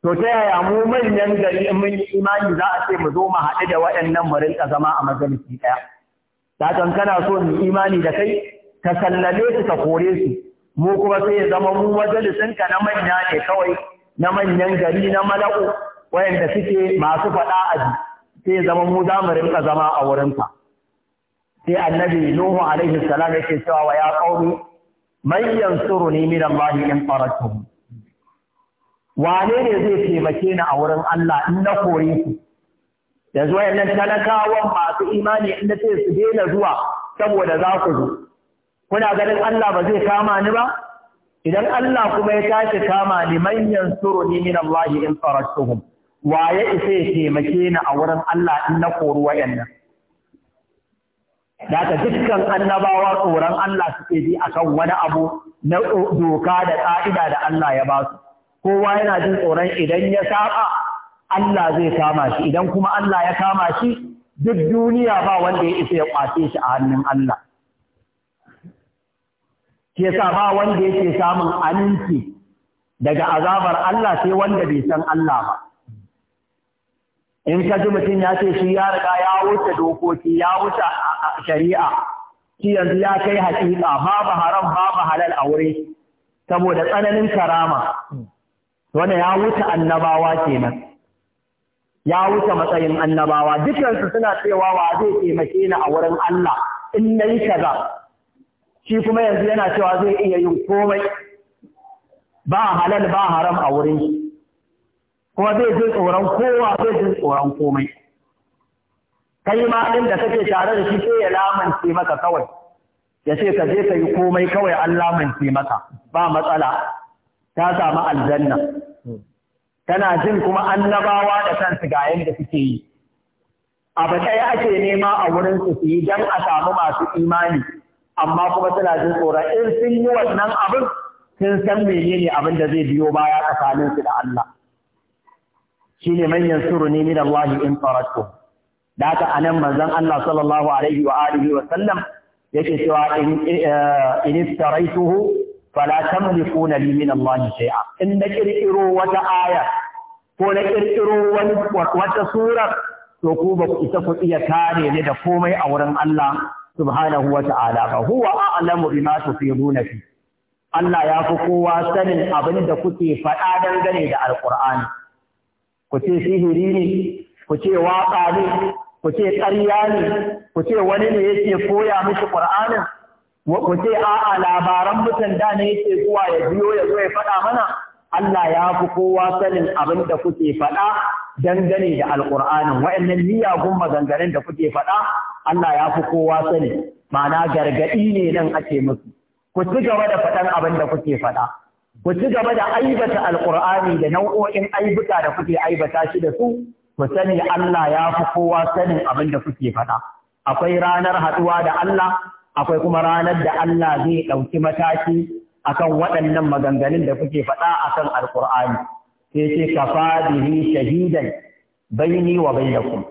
to ta yaya mu manyan gari in mun yi imani za a ce mu zo mu haɗu da waɗannan mu rinka zama a majalisi ɗaya ta kana so mu imani da kai ka sallame su ka kore su mu kuma sai ya zama mu majalisin ka na manya ne kawai na manyan gari na mala'u wayanda suke masu faɗa ji, sai zama mu za mu rinka zama a ka, sai annabi nuhu alaihi salam yake cewa wa ya qaumi man yansuruni min allah in faratuhu wane ne zai taimake ni a wurin Allah in na kore ku yanzu wayannan talakawan masu imani in na ce su daina zuwa saboda za ku zo kuna ganin Allah ba zai kama ni ba idan Allah kuma ya tashi kama ni man yansuru ni min Allah in faratum. waye isa ya taimake ni a wurin Allah in na kori wayannan ta dukkan annabawa tsoron Allah suke ji kan wani abu na doka da ƙa'ida da Allah ya ba su. Kowa yana jin tsoron idan ya saba Allah zai kama shi, idan kuma Allah ya kama shi duk duniya ba wanda ya isa ya kwace shi a hannun Allah. Ke sa ba wanda yake samun aminci daga azabar Allah sai wanda bai san Allah ba. in ka ji mutum ya ce shi ya riga ya wuce dokoki ya wuce shari'a shi yanzu ya kai hakika babu haram babu halal a wuri saboda tsananin karama wanda ya wuce annabawa kenan ya wuce matsayin annabawa dukansu suna cewa wa zai taimake ni a wurin Allah in nayi kaza shi kuma yanzu yana cewa zai iya yin komai ba halal ba haram a wurin shi kuma zai jin tsoron kowa zai jin tsoron komai kai ma ɗin da kake tare da shi sai ya lamance maka kawai ya ce ka je ka yi komai kawai an lamance maka ba matsala ta samu aljanna tana jin kuma annabawa da kansu ga yadda suke yi abu ɗaya ake nema a wurin su su yi don a samu masu imani amma kuma suna jin tsoron in sun yi wannan abin sun san menene abin da zai biyo baya tsakaninsu da Allah shine man yansuruni min Allah in tarattu da haka anan manzon Allah sallallahu alaihi wa alihi wa sallam yake cewa in eh, in istaraituhu fala na li min Allah shay'a in na kirkiro wata aya ko na kirkiro wata sura to ku ba ku isa ku iya kare ni da komai a wurin Allah subhanahu wa ta'ala fa huwa a'lamu bima tufiduna fi Allah ya fi kowa sanin abin da kuke faɗa dangane da alqur'ani ku ce sihiri ne ku ce waƙa ne ku ce ƙarya ne ku ce wani ne yake koya mishi ƙur'anin ku ce a'a labaran mutan da ne yake zuwa ya biyo ya zo ya faɗa mana Allah ya fi kowa sanin abin da kuke faɗa dangane da alƙur'anin wa'annan miyagun maganganun da kuke faɗa Allah ya fi kowa sani ma'ana gargaɗi ne nan ake musu ku ci gaba da faɗan abin da kuke faɗa ku ci gaba da aibata Alkur'ani da nau'o'in aibuka da kuke aibata shi da su ku sani Allah ya fi kowa sanin abin da kuke faɗa akwai ranar haɗuwa da Allah akwai kuma ranar da Allah zai ɗauki mataki akan waɗannan maganganun da kuke faɗa akan Alkur'ani? sai ce kafa bihi shahidan baini wa bainakum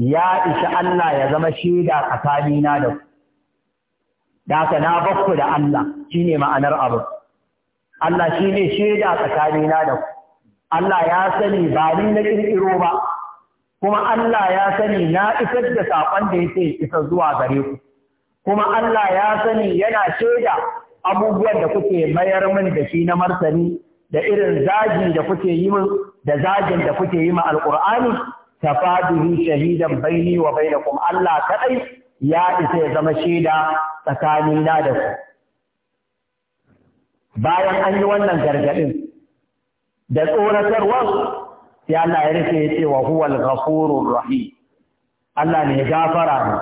ya isa Allah ya zama shaida tsakanina da ku da na bakku da Allah shine ma'anar abu Allah shi ne shaida tsakanina da ku Allah ya sani ba ni na ƙirƙiro ba kuma Allah ya sani na isar da saƙon da yake isa zuwa gare ku kuma Allah ya sani yana shaida abubuwan da kuke mayar min da shi na martani da irin zagin da kuke yi min da zagin da kuke yi min alƙur'ani tafaduhu shahidan baini wa bainakum Allah kadai ya isa ya zama shaida tsakanina da ku bayan an yi wannan gargaɗin da tsoratarwa, sai Allah ya rufe ya ce wa huwal ghafurur rahim Allah ne gafara ne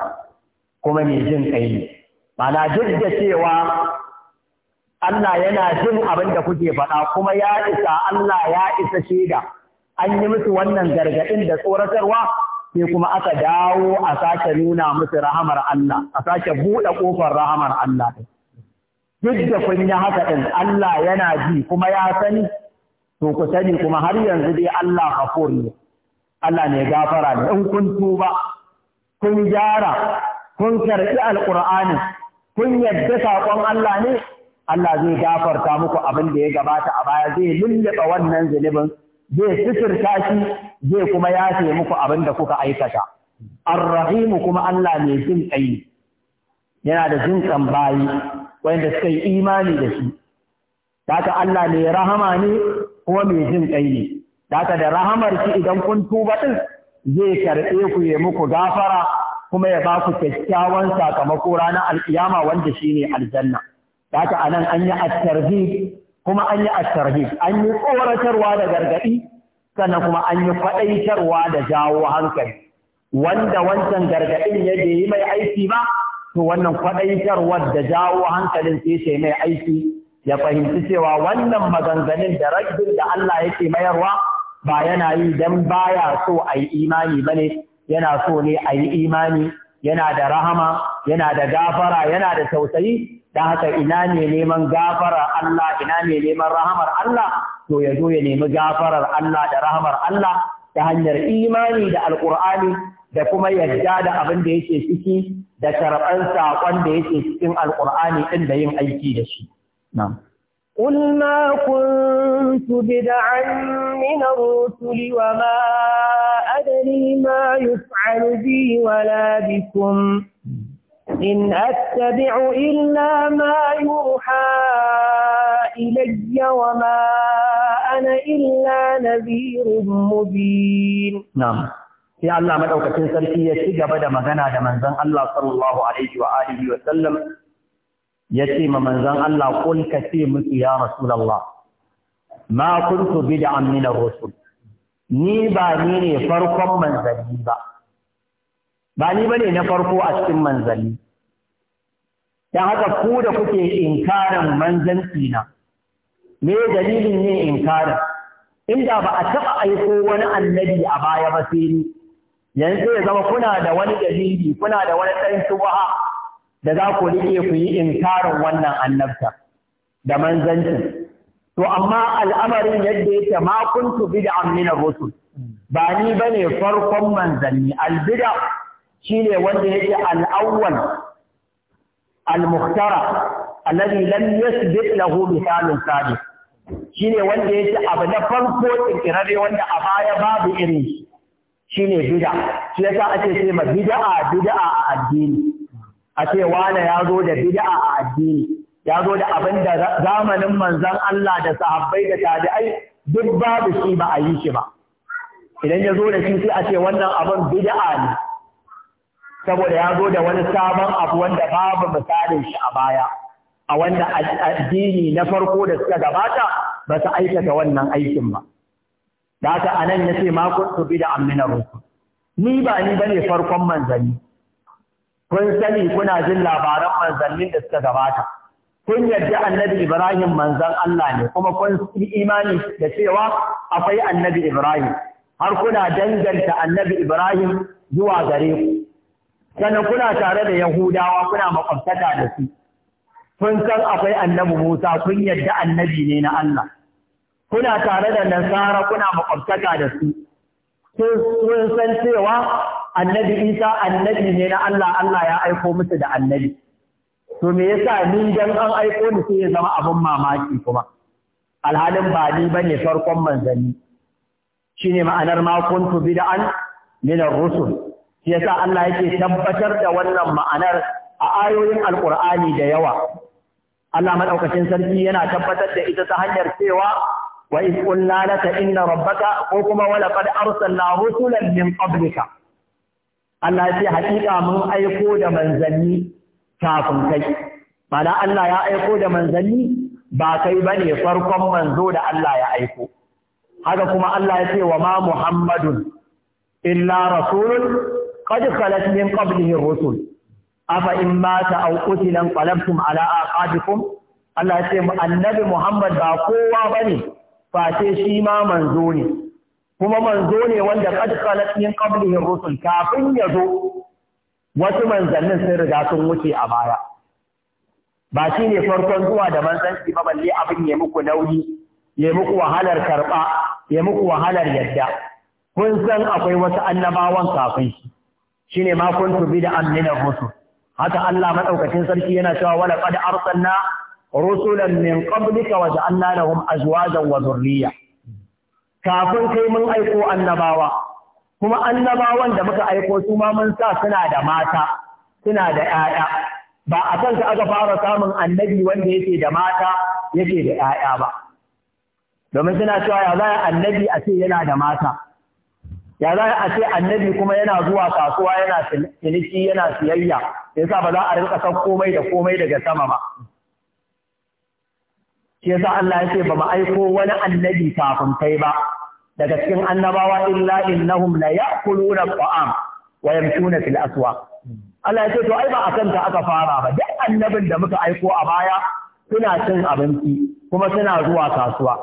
kuma ne jin kai ne mana duk da cewa Allah yana jin abin da kuke faɗa kuma ya isa Allah ya isa shaida an yi musu wannan gargaɗin da tsoratarwa sai kuma aka dawo a sake nuna musu rahamar Allah a sake buɗe ƙofar rahamar Allah ɗin duk da kun yi haka ɗin Allah yana ji kuma ya sani to ku sani kuma har yanzu dai Allah ghafur ne Allah ne gafara ne in kun tuba kun gyara kun karɓi alqur'ani kun yadda saƙon Allah ne Allah zai gafarta muku abin da ya gabata a baya zai lullube wannan zunubin zai sifirta shi zai kuma yafe muku abin da kuka aikata arrahimu kuma Allah ne jin tsayi yana da jin bayi wanda suka yi imani da shi daka Allah ne rahama ne ko mai jin kai ne haka da rahamar shi idan kun tuba din zai karɓe ku ya muku gafara kuma ya ba ku kyakkyawan sakamako ranar alkiyama wanda shine aljanna haka anan an yi at-tarhib kuma an yi at-tarhib an yi tsoratarwa da gargaɗi, sannan kuma an yi faɗaitarwa da jawo hankali wanda wancan gargaɗin ya bai yi mai aiki ba to wannan kwaɗaitarwar da jawo hankalin sai ce mai aiki ya fahimci cewa wannan maganganun da raddin da Allah yake mayarwa ba yana yi don baya so a yi imani ba ne yana so ne a yi imani yana da rahama yana da gafara yana da tausayi Da haka ina ne neman gafarar Allah ina ne neman rahamar Allah to ya zo ya nemi gafarar Allah da rahamar Allah ta hanyar imani da alkur'ani da kuma yadda da abin da yake ciki da karɓar saƙon da yake cikin alƙur'ani ɗin da yin aiki da shi. قل ما كنت بدعا من الرسل وما أدري ما يفعل بي ولا بكم إن أتبع إلا ما يوحى إلي وما أنا إلا نذير مبين نعم sai Allah madaukakin sarki ya ci gaba da magana da manzon Allah sallallahu alaihi wa alihi wa sallam ya ce ma manzon Allah kul ka ce musu ya rasulullah ma kuntu bid'an min ar-rusul ni ba ni ne farkon manzanni ba ba ni bane na farko a cikin manzanni dan haka ku da kuke inkarin manzanci na me dalilin ne inkarin inda ba a taba aiko wani annabi a baya ba sai ni yanzu ya zama kuna da wani dalili kuna da wani ɗan shubaha da za ku riƙe ku yi inkarin wannan annabta da manzanci. to amma al'amarin yadda yake ma kuntu bid'an min ar-rusul ba ni bane farkon manzanni al-bid'a shine wanda yake al-awwal al-mukhtara alladhi lam yasbiq lahu mithalun sabiq shine wanda yake abu na farko kirkirare wanda a baya babu irin shi Shi ne bid'a shi yasa ake ce ma bid'a bid'a a addini a ce wane ya zo da bid'a a addini ya zo da abin da zamanin manzan Allah da sahabbai da tabi'ai duk babu shi ba a yi shi ba idan ya zo da shi sai a ce wannan abin bid'a ne saboda ya zo da wani sabon abu wanda babu misalin shi a baya a wanda addini na farko da suka gabata ba su aikata wannan aikin ba da haka anan yace ma kuntu bi da amina rusul ni ba ni bane farkon manzanni kun sani kuna jin labaran manzannin da suka gabata kun yarda annabi Ibrahim manzan Allah ne kuma kun imani da cewa akwai annabi Ibrahim har kuna danganta annabi Ibrahim zuwa gare ku sannan kuna tare da Yahudawa kuna makwabtaka da su kun san akwai annabi Musa kun yarda annabi ne na Allah kuna tare da nasara kuna makwabtaka da su sun san cewa annabi isa annabi ne na Allah Allah ya aiko musu da annabi to me yasa ni dan an aiko ni sai ya zama abin mamaki kuma alhalin ba ni bane farkon manzanni shine ma'anar ma kuntu bid'an min ar-rusul shi yasa Allah yake tabbatar da wannan ma'anar a ayoyin alqur'ani da yawa Allah madaukakin sarki yana tabbatar da ita ta hanyar cewa wa iz qulna laka inna rabbaka ko kuma wa laqad arsalna rusulan min qablika Allah ya ce hakika mun aiko da manzanni kafin kai mana Allah ya aiko da manzanni ba kai bane farkon manzo da Allah ya aiko haka kuma Allah ya ce wa ma Muhammadun illa rasulun qad khalat min qablihi rusul afa in mata aw qutilan qalabtum ala aqabikum Allah ya ce annabi Muhammad ba kowa bane Fashe shi ma manzo ne kuma manzo ne wanda qad khalat min rusul kafin ya zo wasu manzannin sun riga sun wuce a baya ba shi ne farkon zuwa da manzanci ba balle abin ya muku nauyi ya muku wahalar karba ya muku wahalar yadda kun san akwai wasu annabawan kafin shi ne ma kun bi da amnina rusul haka Allah maɗaukacin sarki yana cewa wala qad arsalna rusulan min qablika wa ja'alna lahum azwajan wa dhurriyya kafin kai mun aiko annabawa kuma annabawan da muka aiko su ma mun sa suna da mata suna da 'ya'ya ba a kanka aka fara samun annabi wanda yake da mata yake da 'ya'ya ba domin suna cewa ya za annabi a ce yana da mata ya za a ce annabi kuma yana zuwa kasuwa yana ciniki yana siyayya yasa ba za a rinka san komai da komai daga sama ba shi yasa Allah ya ce ba mu aiko wani annabi kafin kai ba daga cikin annabawa illa innahum la ya'kuluna at-ta'am wa yamshuna fil aswaq Allah ya ce to ai ba akan ta aka fara ba duk annabin da muka aiko a baya suna cin abinci kuma suna zuwa kasuwa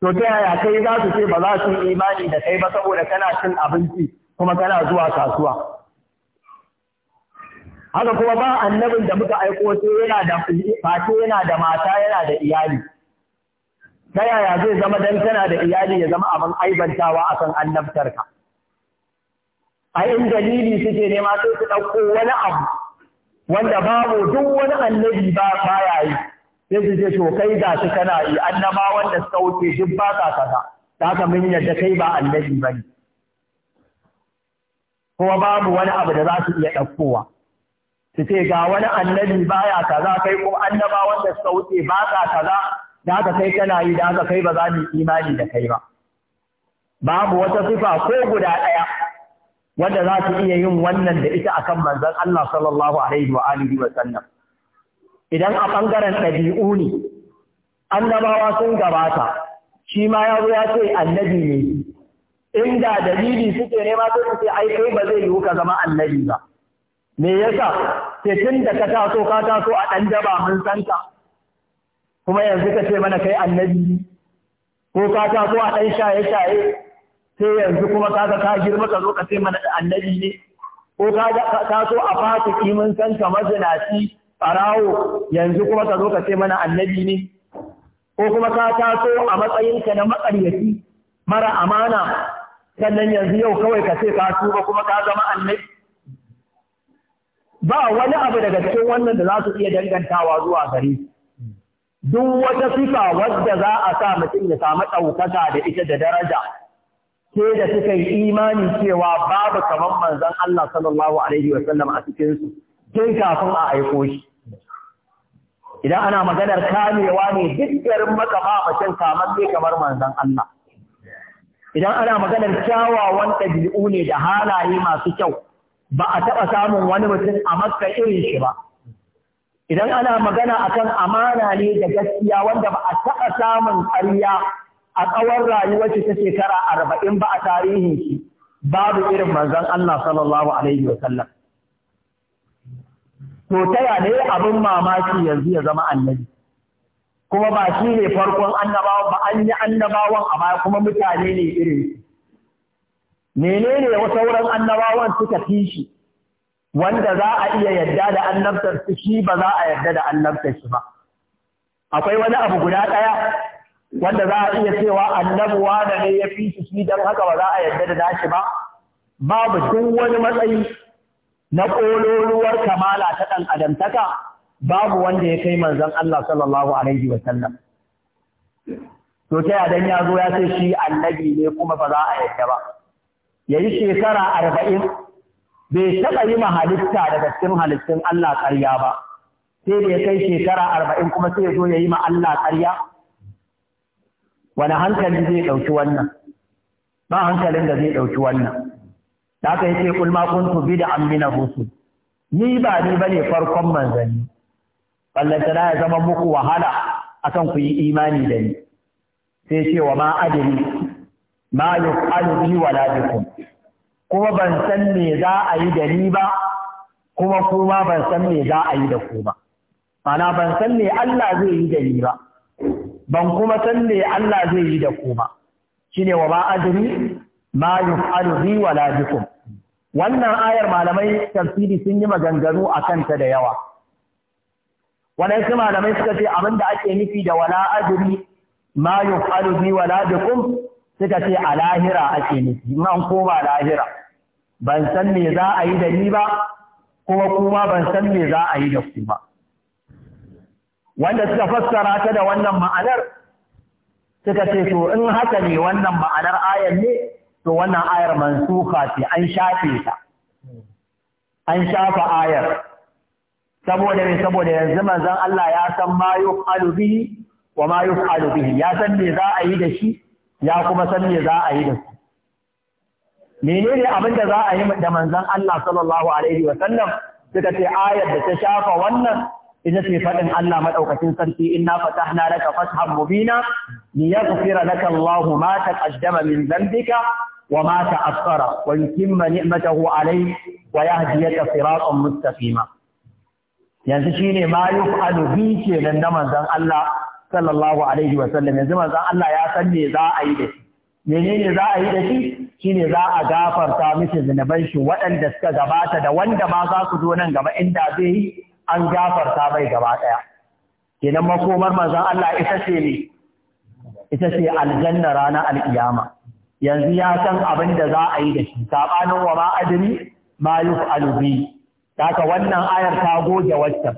to ta yaya kai za su ce ba za su imani da kai ba saboda kana cin abinci kuma kana zuwa kasuwa haka kuma ba annabin da muka aiko sai yana da yana da mata yana da iyali ta yaya zai zama dan tana da iyali ya zama abin aibantawa akan annabtarka a in dalili suke nema sai su ɗauko wani abu wanda babu duk wani annabi ba baya yi sai su ce to kai ga shi kana yi annaba wanda suka wuce duk ba ka kaza da ka min yarda kai ba annabi bane kuma babu wani abu da za su iya ɗaukowa su ce ga wani annabi baya kaza kai ko annaba wanda suka wuce ba ka kaza da haka kai kana yi da haka kai ba za mu imani da kai ba babu wata sifa ko guda ɗaya wanda za su iya yin wannan da ita akan manzon Allah sallallahu alaihi wa alihi wa sallam idan a bangaren ɗabi'u ne annabawa sun gabata shi ma ya zo ya ce annabi ne inda dalili suke nema sai su ce ai kai ba zai yiwu ka zama annabi ba me yasa tekin da ka taso ka taso a ɗan jaba mun san ka kuma yanzu ka ce mana kai annabi ko ka taso a ɗan shaye-shaye sai yanzu kuma ka ga ka girma ka zo ka ce mana annabi ne ko ka taso a fasiki mun san ka mazinaci ɓarawo yanzu kuma ka zo ka ce mana annabi ne ko kuma ka taso a matsayinka na makaryaci mara amana sannan yanzu yau kawai ka ce ka tuba kuma ka zama annabi ba wani abu daga cikin wannan da za su iya dangantawa zuwa gare su duk wata sifa wadda za a sa mutum ya samu ɗaukaka da ita da daraja Ke da suka yi imani cewa babu kamar manzon Allah sallallahu alaihi wa sallam a cikin su tun kafin a aiko shi idan ana maganar kamewa ne duk garin maka ba mutum kamar ne kamar manzon Allah idan ana maganar kyawawan ɗabi'u ne da halaye masu kyau ba a taɓa samun wani mutum a makka irin shi ba idan ana magana akan amana ne da gaskiya wanda ba a taɓa samun ƙarya a tsawon rayuwar shi ta shekara arba'in ba a tarihin shi babu irin manzan Allah sallallahu alaihi wa sallam to ta ya abin mamaki yanzu ya zama annabi kuma ba shi ne farkon annabawan ba an yi annabawan a baya kuma mutane ne irin menene sauran annabawan suka fi shi wanda za a iya yadda da annabtar su shi ba za a yadda da annabtar shi ba akwai wani abu guda ɗaya wanda za a iya cewa annabuwa da ne ya fi shi shi don haka ba za a yadda da nashi ba babu duk wani matsayi na ƙololuwar kamala ta ɗan adamtaka babu wanda ya kai manzon Allah sallallahu alaihi wa sallam to ta yadan ya zo ya ce shi annabi ne kuma ba za a yadda ba ya yi shekara arba'in bai taɓa yi ma halitta daga cikin halittun Allah ƙarya ba sai da ya kai shekara arba'in kuma sai ya zo ya yi ma Allah ƙarya wani hankali zai ɗauki wannan ba hankalin da zai ɗauki wannan da aka yi ce kulma kuntu bi da amina rusul ni ba ni ba ne farkon manzanni na ya zama muku wahala akan ku yi imani da ni sai ce wa ma adiri ma yuqalu bi wala bikum kuma ban san me za a yi da ni ba kuma kuma ban san me za a yi da ku ba mana ban san me Allah zai yi da ni ba ban kuma san me Allah zai yi da ku ba shine wa ba adri ma yuqalu bi wala bikum wannan ayar malamai tafsiri sun yi maganganu a kanta da yawa wannan su malamai suka ce abin da ake nufi da wala adri ma yuqalu bi wala bikum suka ce a lahira ake nufi man koma lahira ban san me za a yi da ni ba kuma kuma ban san me za a yi da ku ba wanda suka fassara ta da wannan ma'anar suka ce to in haka ne wannan ma'anar ayar ne to wannan ayar mansuka ce an shafe ta an shafa ayar saboda ne saboda yanzu manzon Allah ya san ma yuqalu wa ma yuqalu ya san me za a yi da shi ya kuma san me za a yi da su menene abin da za a yi da manzon Allah sallallahu alaihi wa sallam suka ce ayar da ta shafa wannan ita ce faɗin Allah maɗaukacin sarki inna fatahna laka fathan mubina liyaghfira laka Allahu ma taqaddama min dhanbika wa ma ta'akhkhara wa yutimma ni'matahu alayk wa yahdiyaka siratan mustaqima yanzu shine ma yuf'alu bi kenan na manzon Allah sallallahu alaihi wa sallam yanzu manzon Allah ya san me za a yi da shi menene za a yi da shi shine za a gafarta mishi zinaban shi waɗanda suka gabata da wanda ma za su zo nan gaba inda zai yi an gafarta mai gaba ɗaya kenan makomar manzon Allah ita ce ne ita ce aljanna ranar alkiyama yanzu ya san abin da za a yi da shi sabanin wa ma adri ma yuf alubi haka wannan ayar ta goge waccan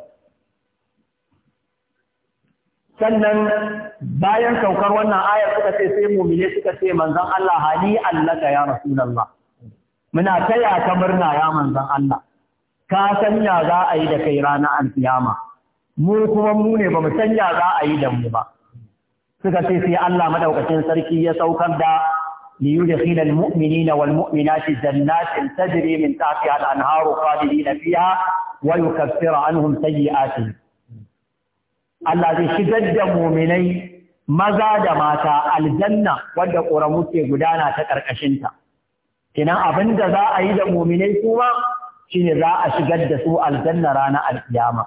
sannan bayan saukar wannan ayar suka ce sai mumine suka ce manzon Allah hali allaka ya rasulullah muna taya ka murna ya manzon Allah ka sanya za a yi da kai ranar alkiyama mu kuma mu ne bamu sanya za a yi da mu ba suka ce sai Allah madaukakin sarki ya saukar da ليدخل المؤمنين والمؤمنات جنات تجري al anharu الأنهار خالدين فيها ويكفر anhum سيئاتهم Allah zai shigar da muminai maza da mata aljanna wadda ƙoramu ke gudana ta ƙarƙashinta. Kinan abin da za a yi da muminai kuma, shi ne za a shigar da su aljanna ranar alkiyama.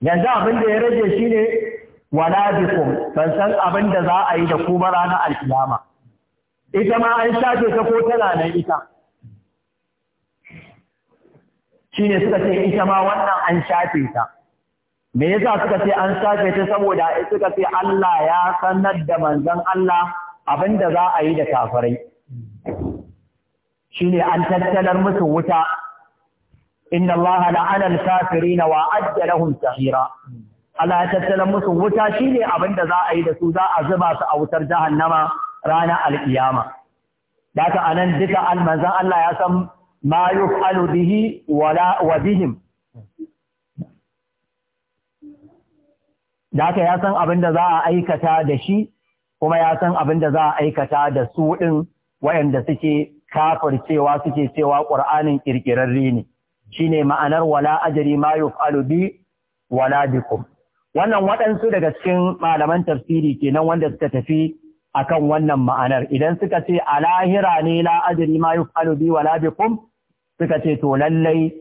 Yanzu abin da ya rage shi ne wala bikum ban san abin da za a yi da ku rana ranar alkiyama. Ita ma an shafe ta ko tana nan ita. Shi ne suka ce ita ma wannan an shafe ta. me yasa suka ce an shafe ta saboda suka ce Allah ya sanar da manzon Allah abinda za a yi da kafirai shine an tattalar musu wuta inna Allah la'ana al-kafirin wa adda lahum sahira Allah ya musu wuta shine abinda za a yi da su za a zuba su a wutar jahannama rana alkiyama daga anan duka almanzan Allah ya san ma yuf'alu bihi wala wa bihim da haka ya san abin da za a aikata da shi kuma ya san abin da za a aikata da su ɗin wayanda suke cewa suke cewa ƙur'anin ƙirƙirarre ne shine ma'anar wala ajri ma yuf'alu bi wala bikum wannan waɗansu daga cikin malaman tafsiri kenan wanda suka tafi akan wannan ma'anar idan suka ce a lahira ne la ajri ma yuf'alu bi wala bikum suka ce to lallai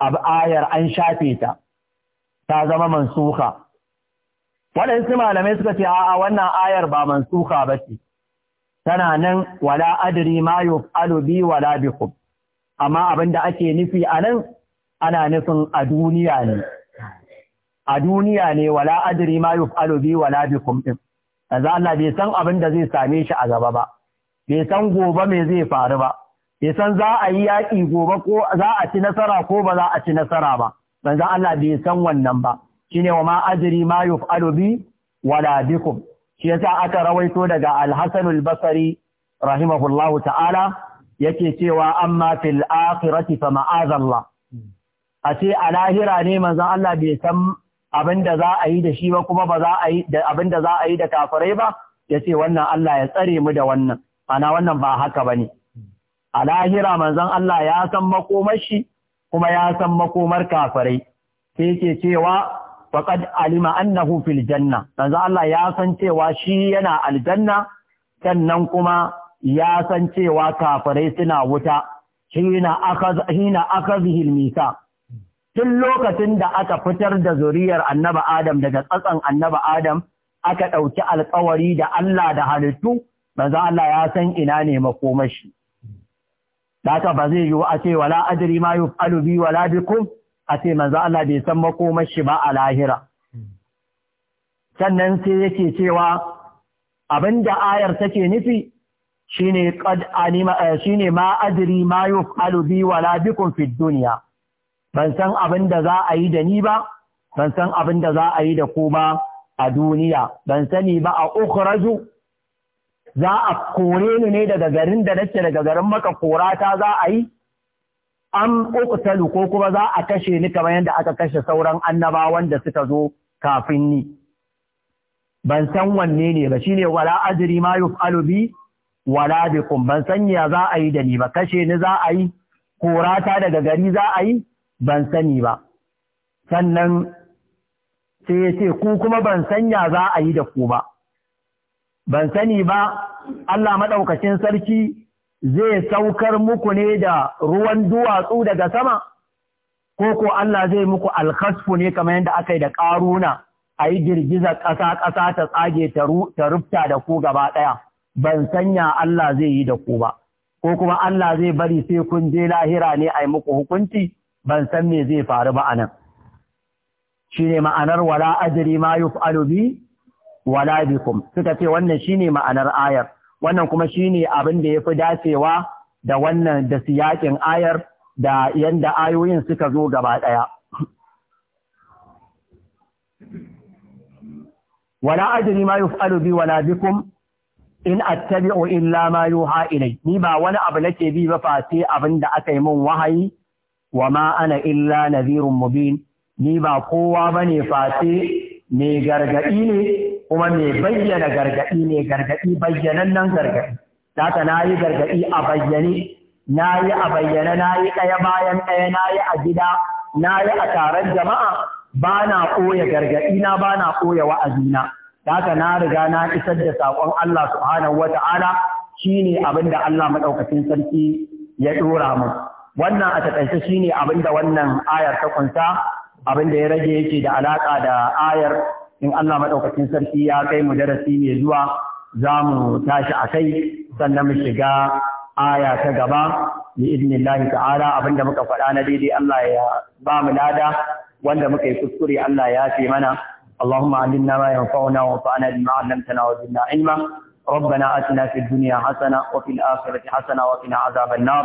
ab ayar an shafe ta ta zama mansuka waɗansu malamai suka ce a'a wannan ayar ba mansuka ba ce tana nan wala adiri ma alubi wala bikum amma abin da ake nufi a nan ana nufin a duniya ne a duniya ne wala adiri ma yuf'alu wala bikum din yanzu Allah bai san abin da zai same shi a gaba ba bai san gobe me zai faru ba bai san za a yi yaƙi gobe ko za a ci nasara ko ba za a ci nasara ba manzo Allah bai san wannan ba shine wa ma ajri ma yuf'alu bi wala bikum shi yasa aka rawaito daga al-Hasan al-Basri rahimahullahu ta'ala yake cewa amma fil akhirati fa ma'azallah a ce a lahira ne manzon Allah bai san abinda za a yi da shi ba kuma ba za a yi da abinda za a yi da kafirai ba yace wannan Allah ya tsare mu da wannan ana wannan ba haka bane a lahira manzon Allah ya san makomar shi kuma ya san makomar kafirai sai yake cewa faqad alima annahu fil janna manzo Allah ya san cewa shi yana aljanna sannan kuma ya san cewa kafirai suna wuta hina akhadha hina akhadhihi misa tun lokacin da aka fitar da zuriyar annaba Adam daga tsatsan annaba Adam aka ɗauki alkawari da Allah da halittu manzo Allah ya san ina ne makomashi Daka ba zai yiwu a ce wala adri ma yuf'alu bi wala bikum a ce manzo Allah bai san makomar shi ba a lahira sannan sai yake cewa abinda ayar take nufi shine qad anima eh, shine ma adri ma yufalu bi wala bikum fi dunya ban san abinda za a yi da ni ba ban san abinda za a yi da ku ba a duniya ban sani ba a ukhraju za a kore ni ne daga garin da nake daga garin maka korata za a yi an uqtalu ko kuma za a kashe ni kamar yadda aka kashe sauran annabawan da suka zo kafin ni ban san wanne ne ba shine wala ajri ma yuf'alu bi wala bikum ban san ya za a yi da ni ba kashe ni za a yi korata daga gari za a yi ban sani ba sannan sai ce ku kuma ban san ya za a yi da ku ba ban sani ba Allah maɗaukacin sarki zai saukar muku ne da ruwan duwatsu daga sama ko ko Allah zai muku alkhasfu ne kamar yadda aka yi da ƙaruna a yi girgizar ƙasa ƙasa ta tsage ta rufta da ku gaba ɗaya ban sanya Allah zai yi da ku ba ko kuma Allah zai bari sai kun je lahira ne a yi muku hukunci ban san me zai faru ba anan ne ma'anar wala ajiri ma yuf'alu alubi wala bikum suka ce wannan shi ne ma'anar ayar wannan kuma shine abin da ya fi dacewa da wannan da siyakin ayar da yanda ayoyin suka zo gaba ɗaya. wala ajri ma yuf'alu bi wala bikum in attabi'u illa ma yuha ilai ni ba wani abu nake bi ba fa sai abin da aka yi min wahayi wa ma ana illa nadhirun mubin ni ba kowa bane fa sai me gargadi ne kuma mai bayyana gargaɗi ne gargaɗi bayyanannen gargaɗi haka na yi gargaɗi a bayyane na yi a bayyane na yi ɗaya bayan ɗaya na yi a gida na yi a taron jama'a ba na ɓoye gargaɗi na ba na ɓoye na haka na riga na isar da saƙon Allah subhanahu wa ta'ala shine abin da Allah maɗaukacin sarki ya ɗora mu wannan a taƙaice shine abin da wannan ayar ta kunsa abin ya rage yake da alaƙa da ayar in Allah maɗaukacin sarki ya kai mu darasi mai zuwa za mu tashi a kai sannan mu shiga aya ta gaba bi idnillahi ta'ala abinda muka faɗa na daidai Allah ya ba mu lada wanda muka yi kuskure Allah ya ce mana اللهم علمنا ما ينفعنا وانفعنا بما علمتنا وزدنا علما ربنا اتنا في الدنيا حسنه وفي الاخره حسنه وقنا عذاب النار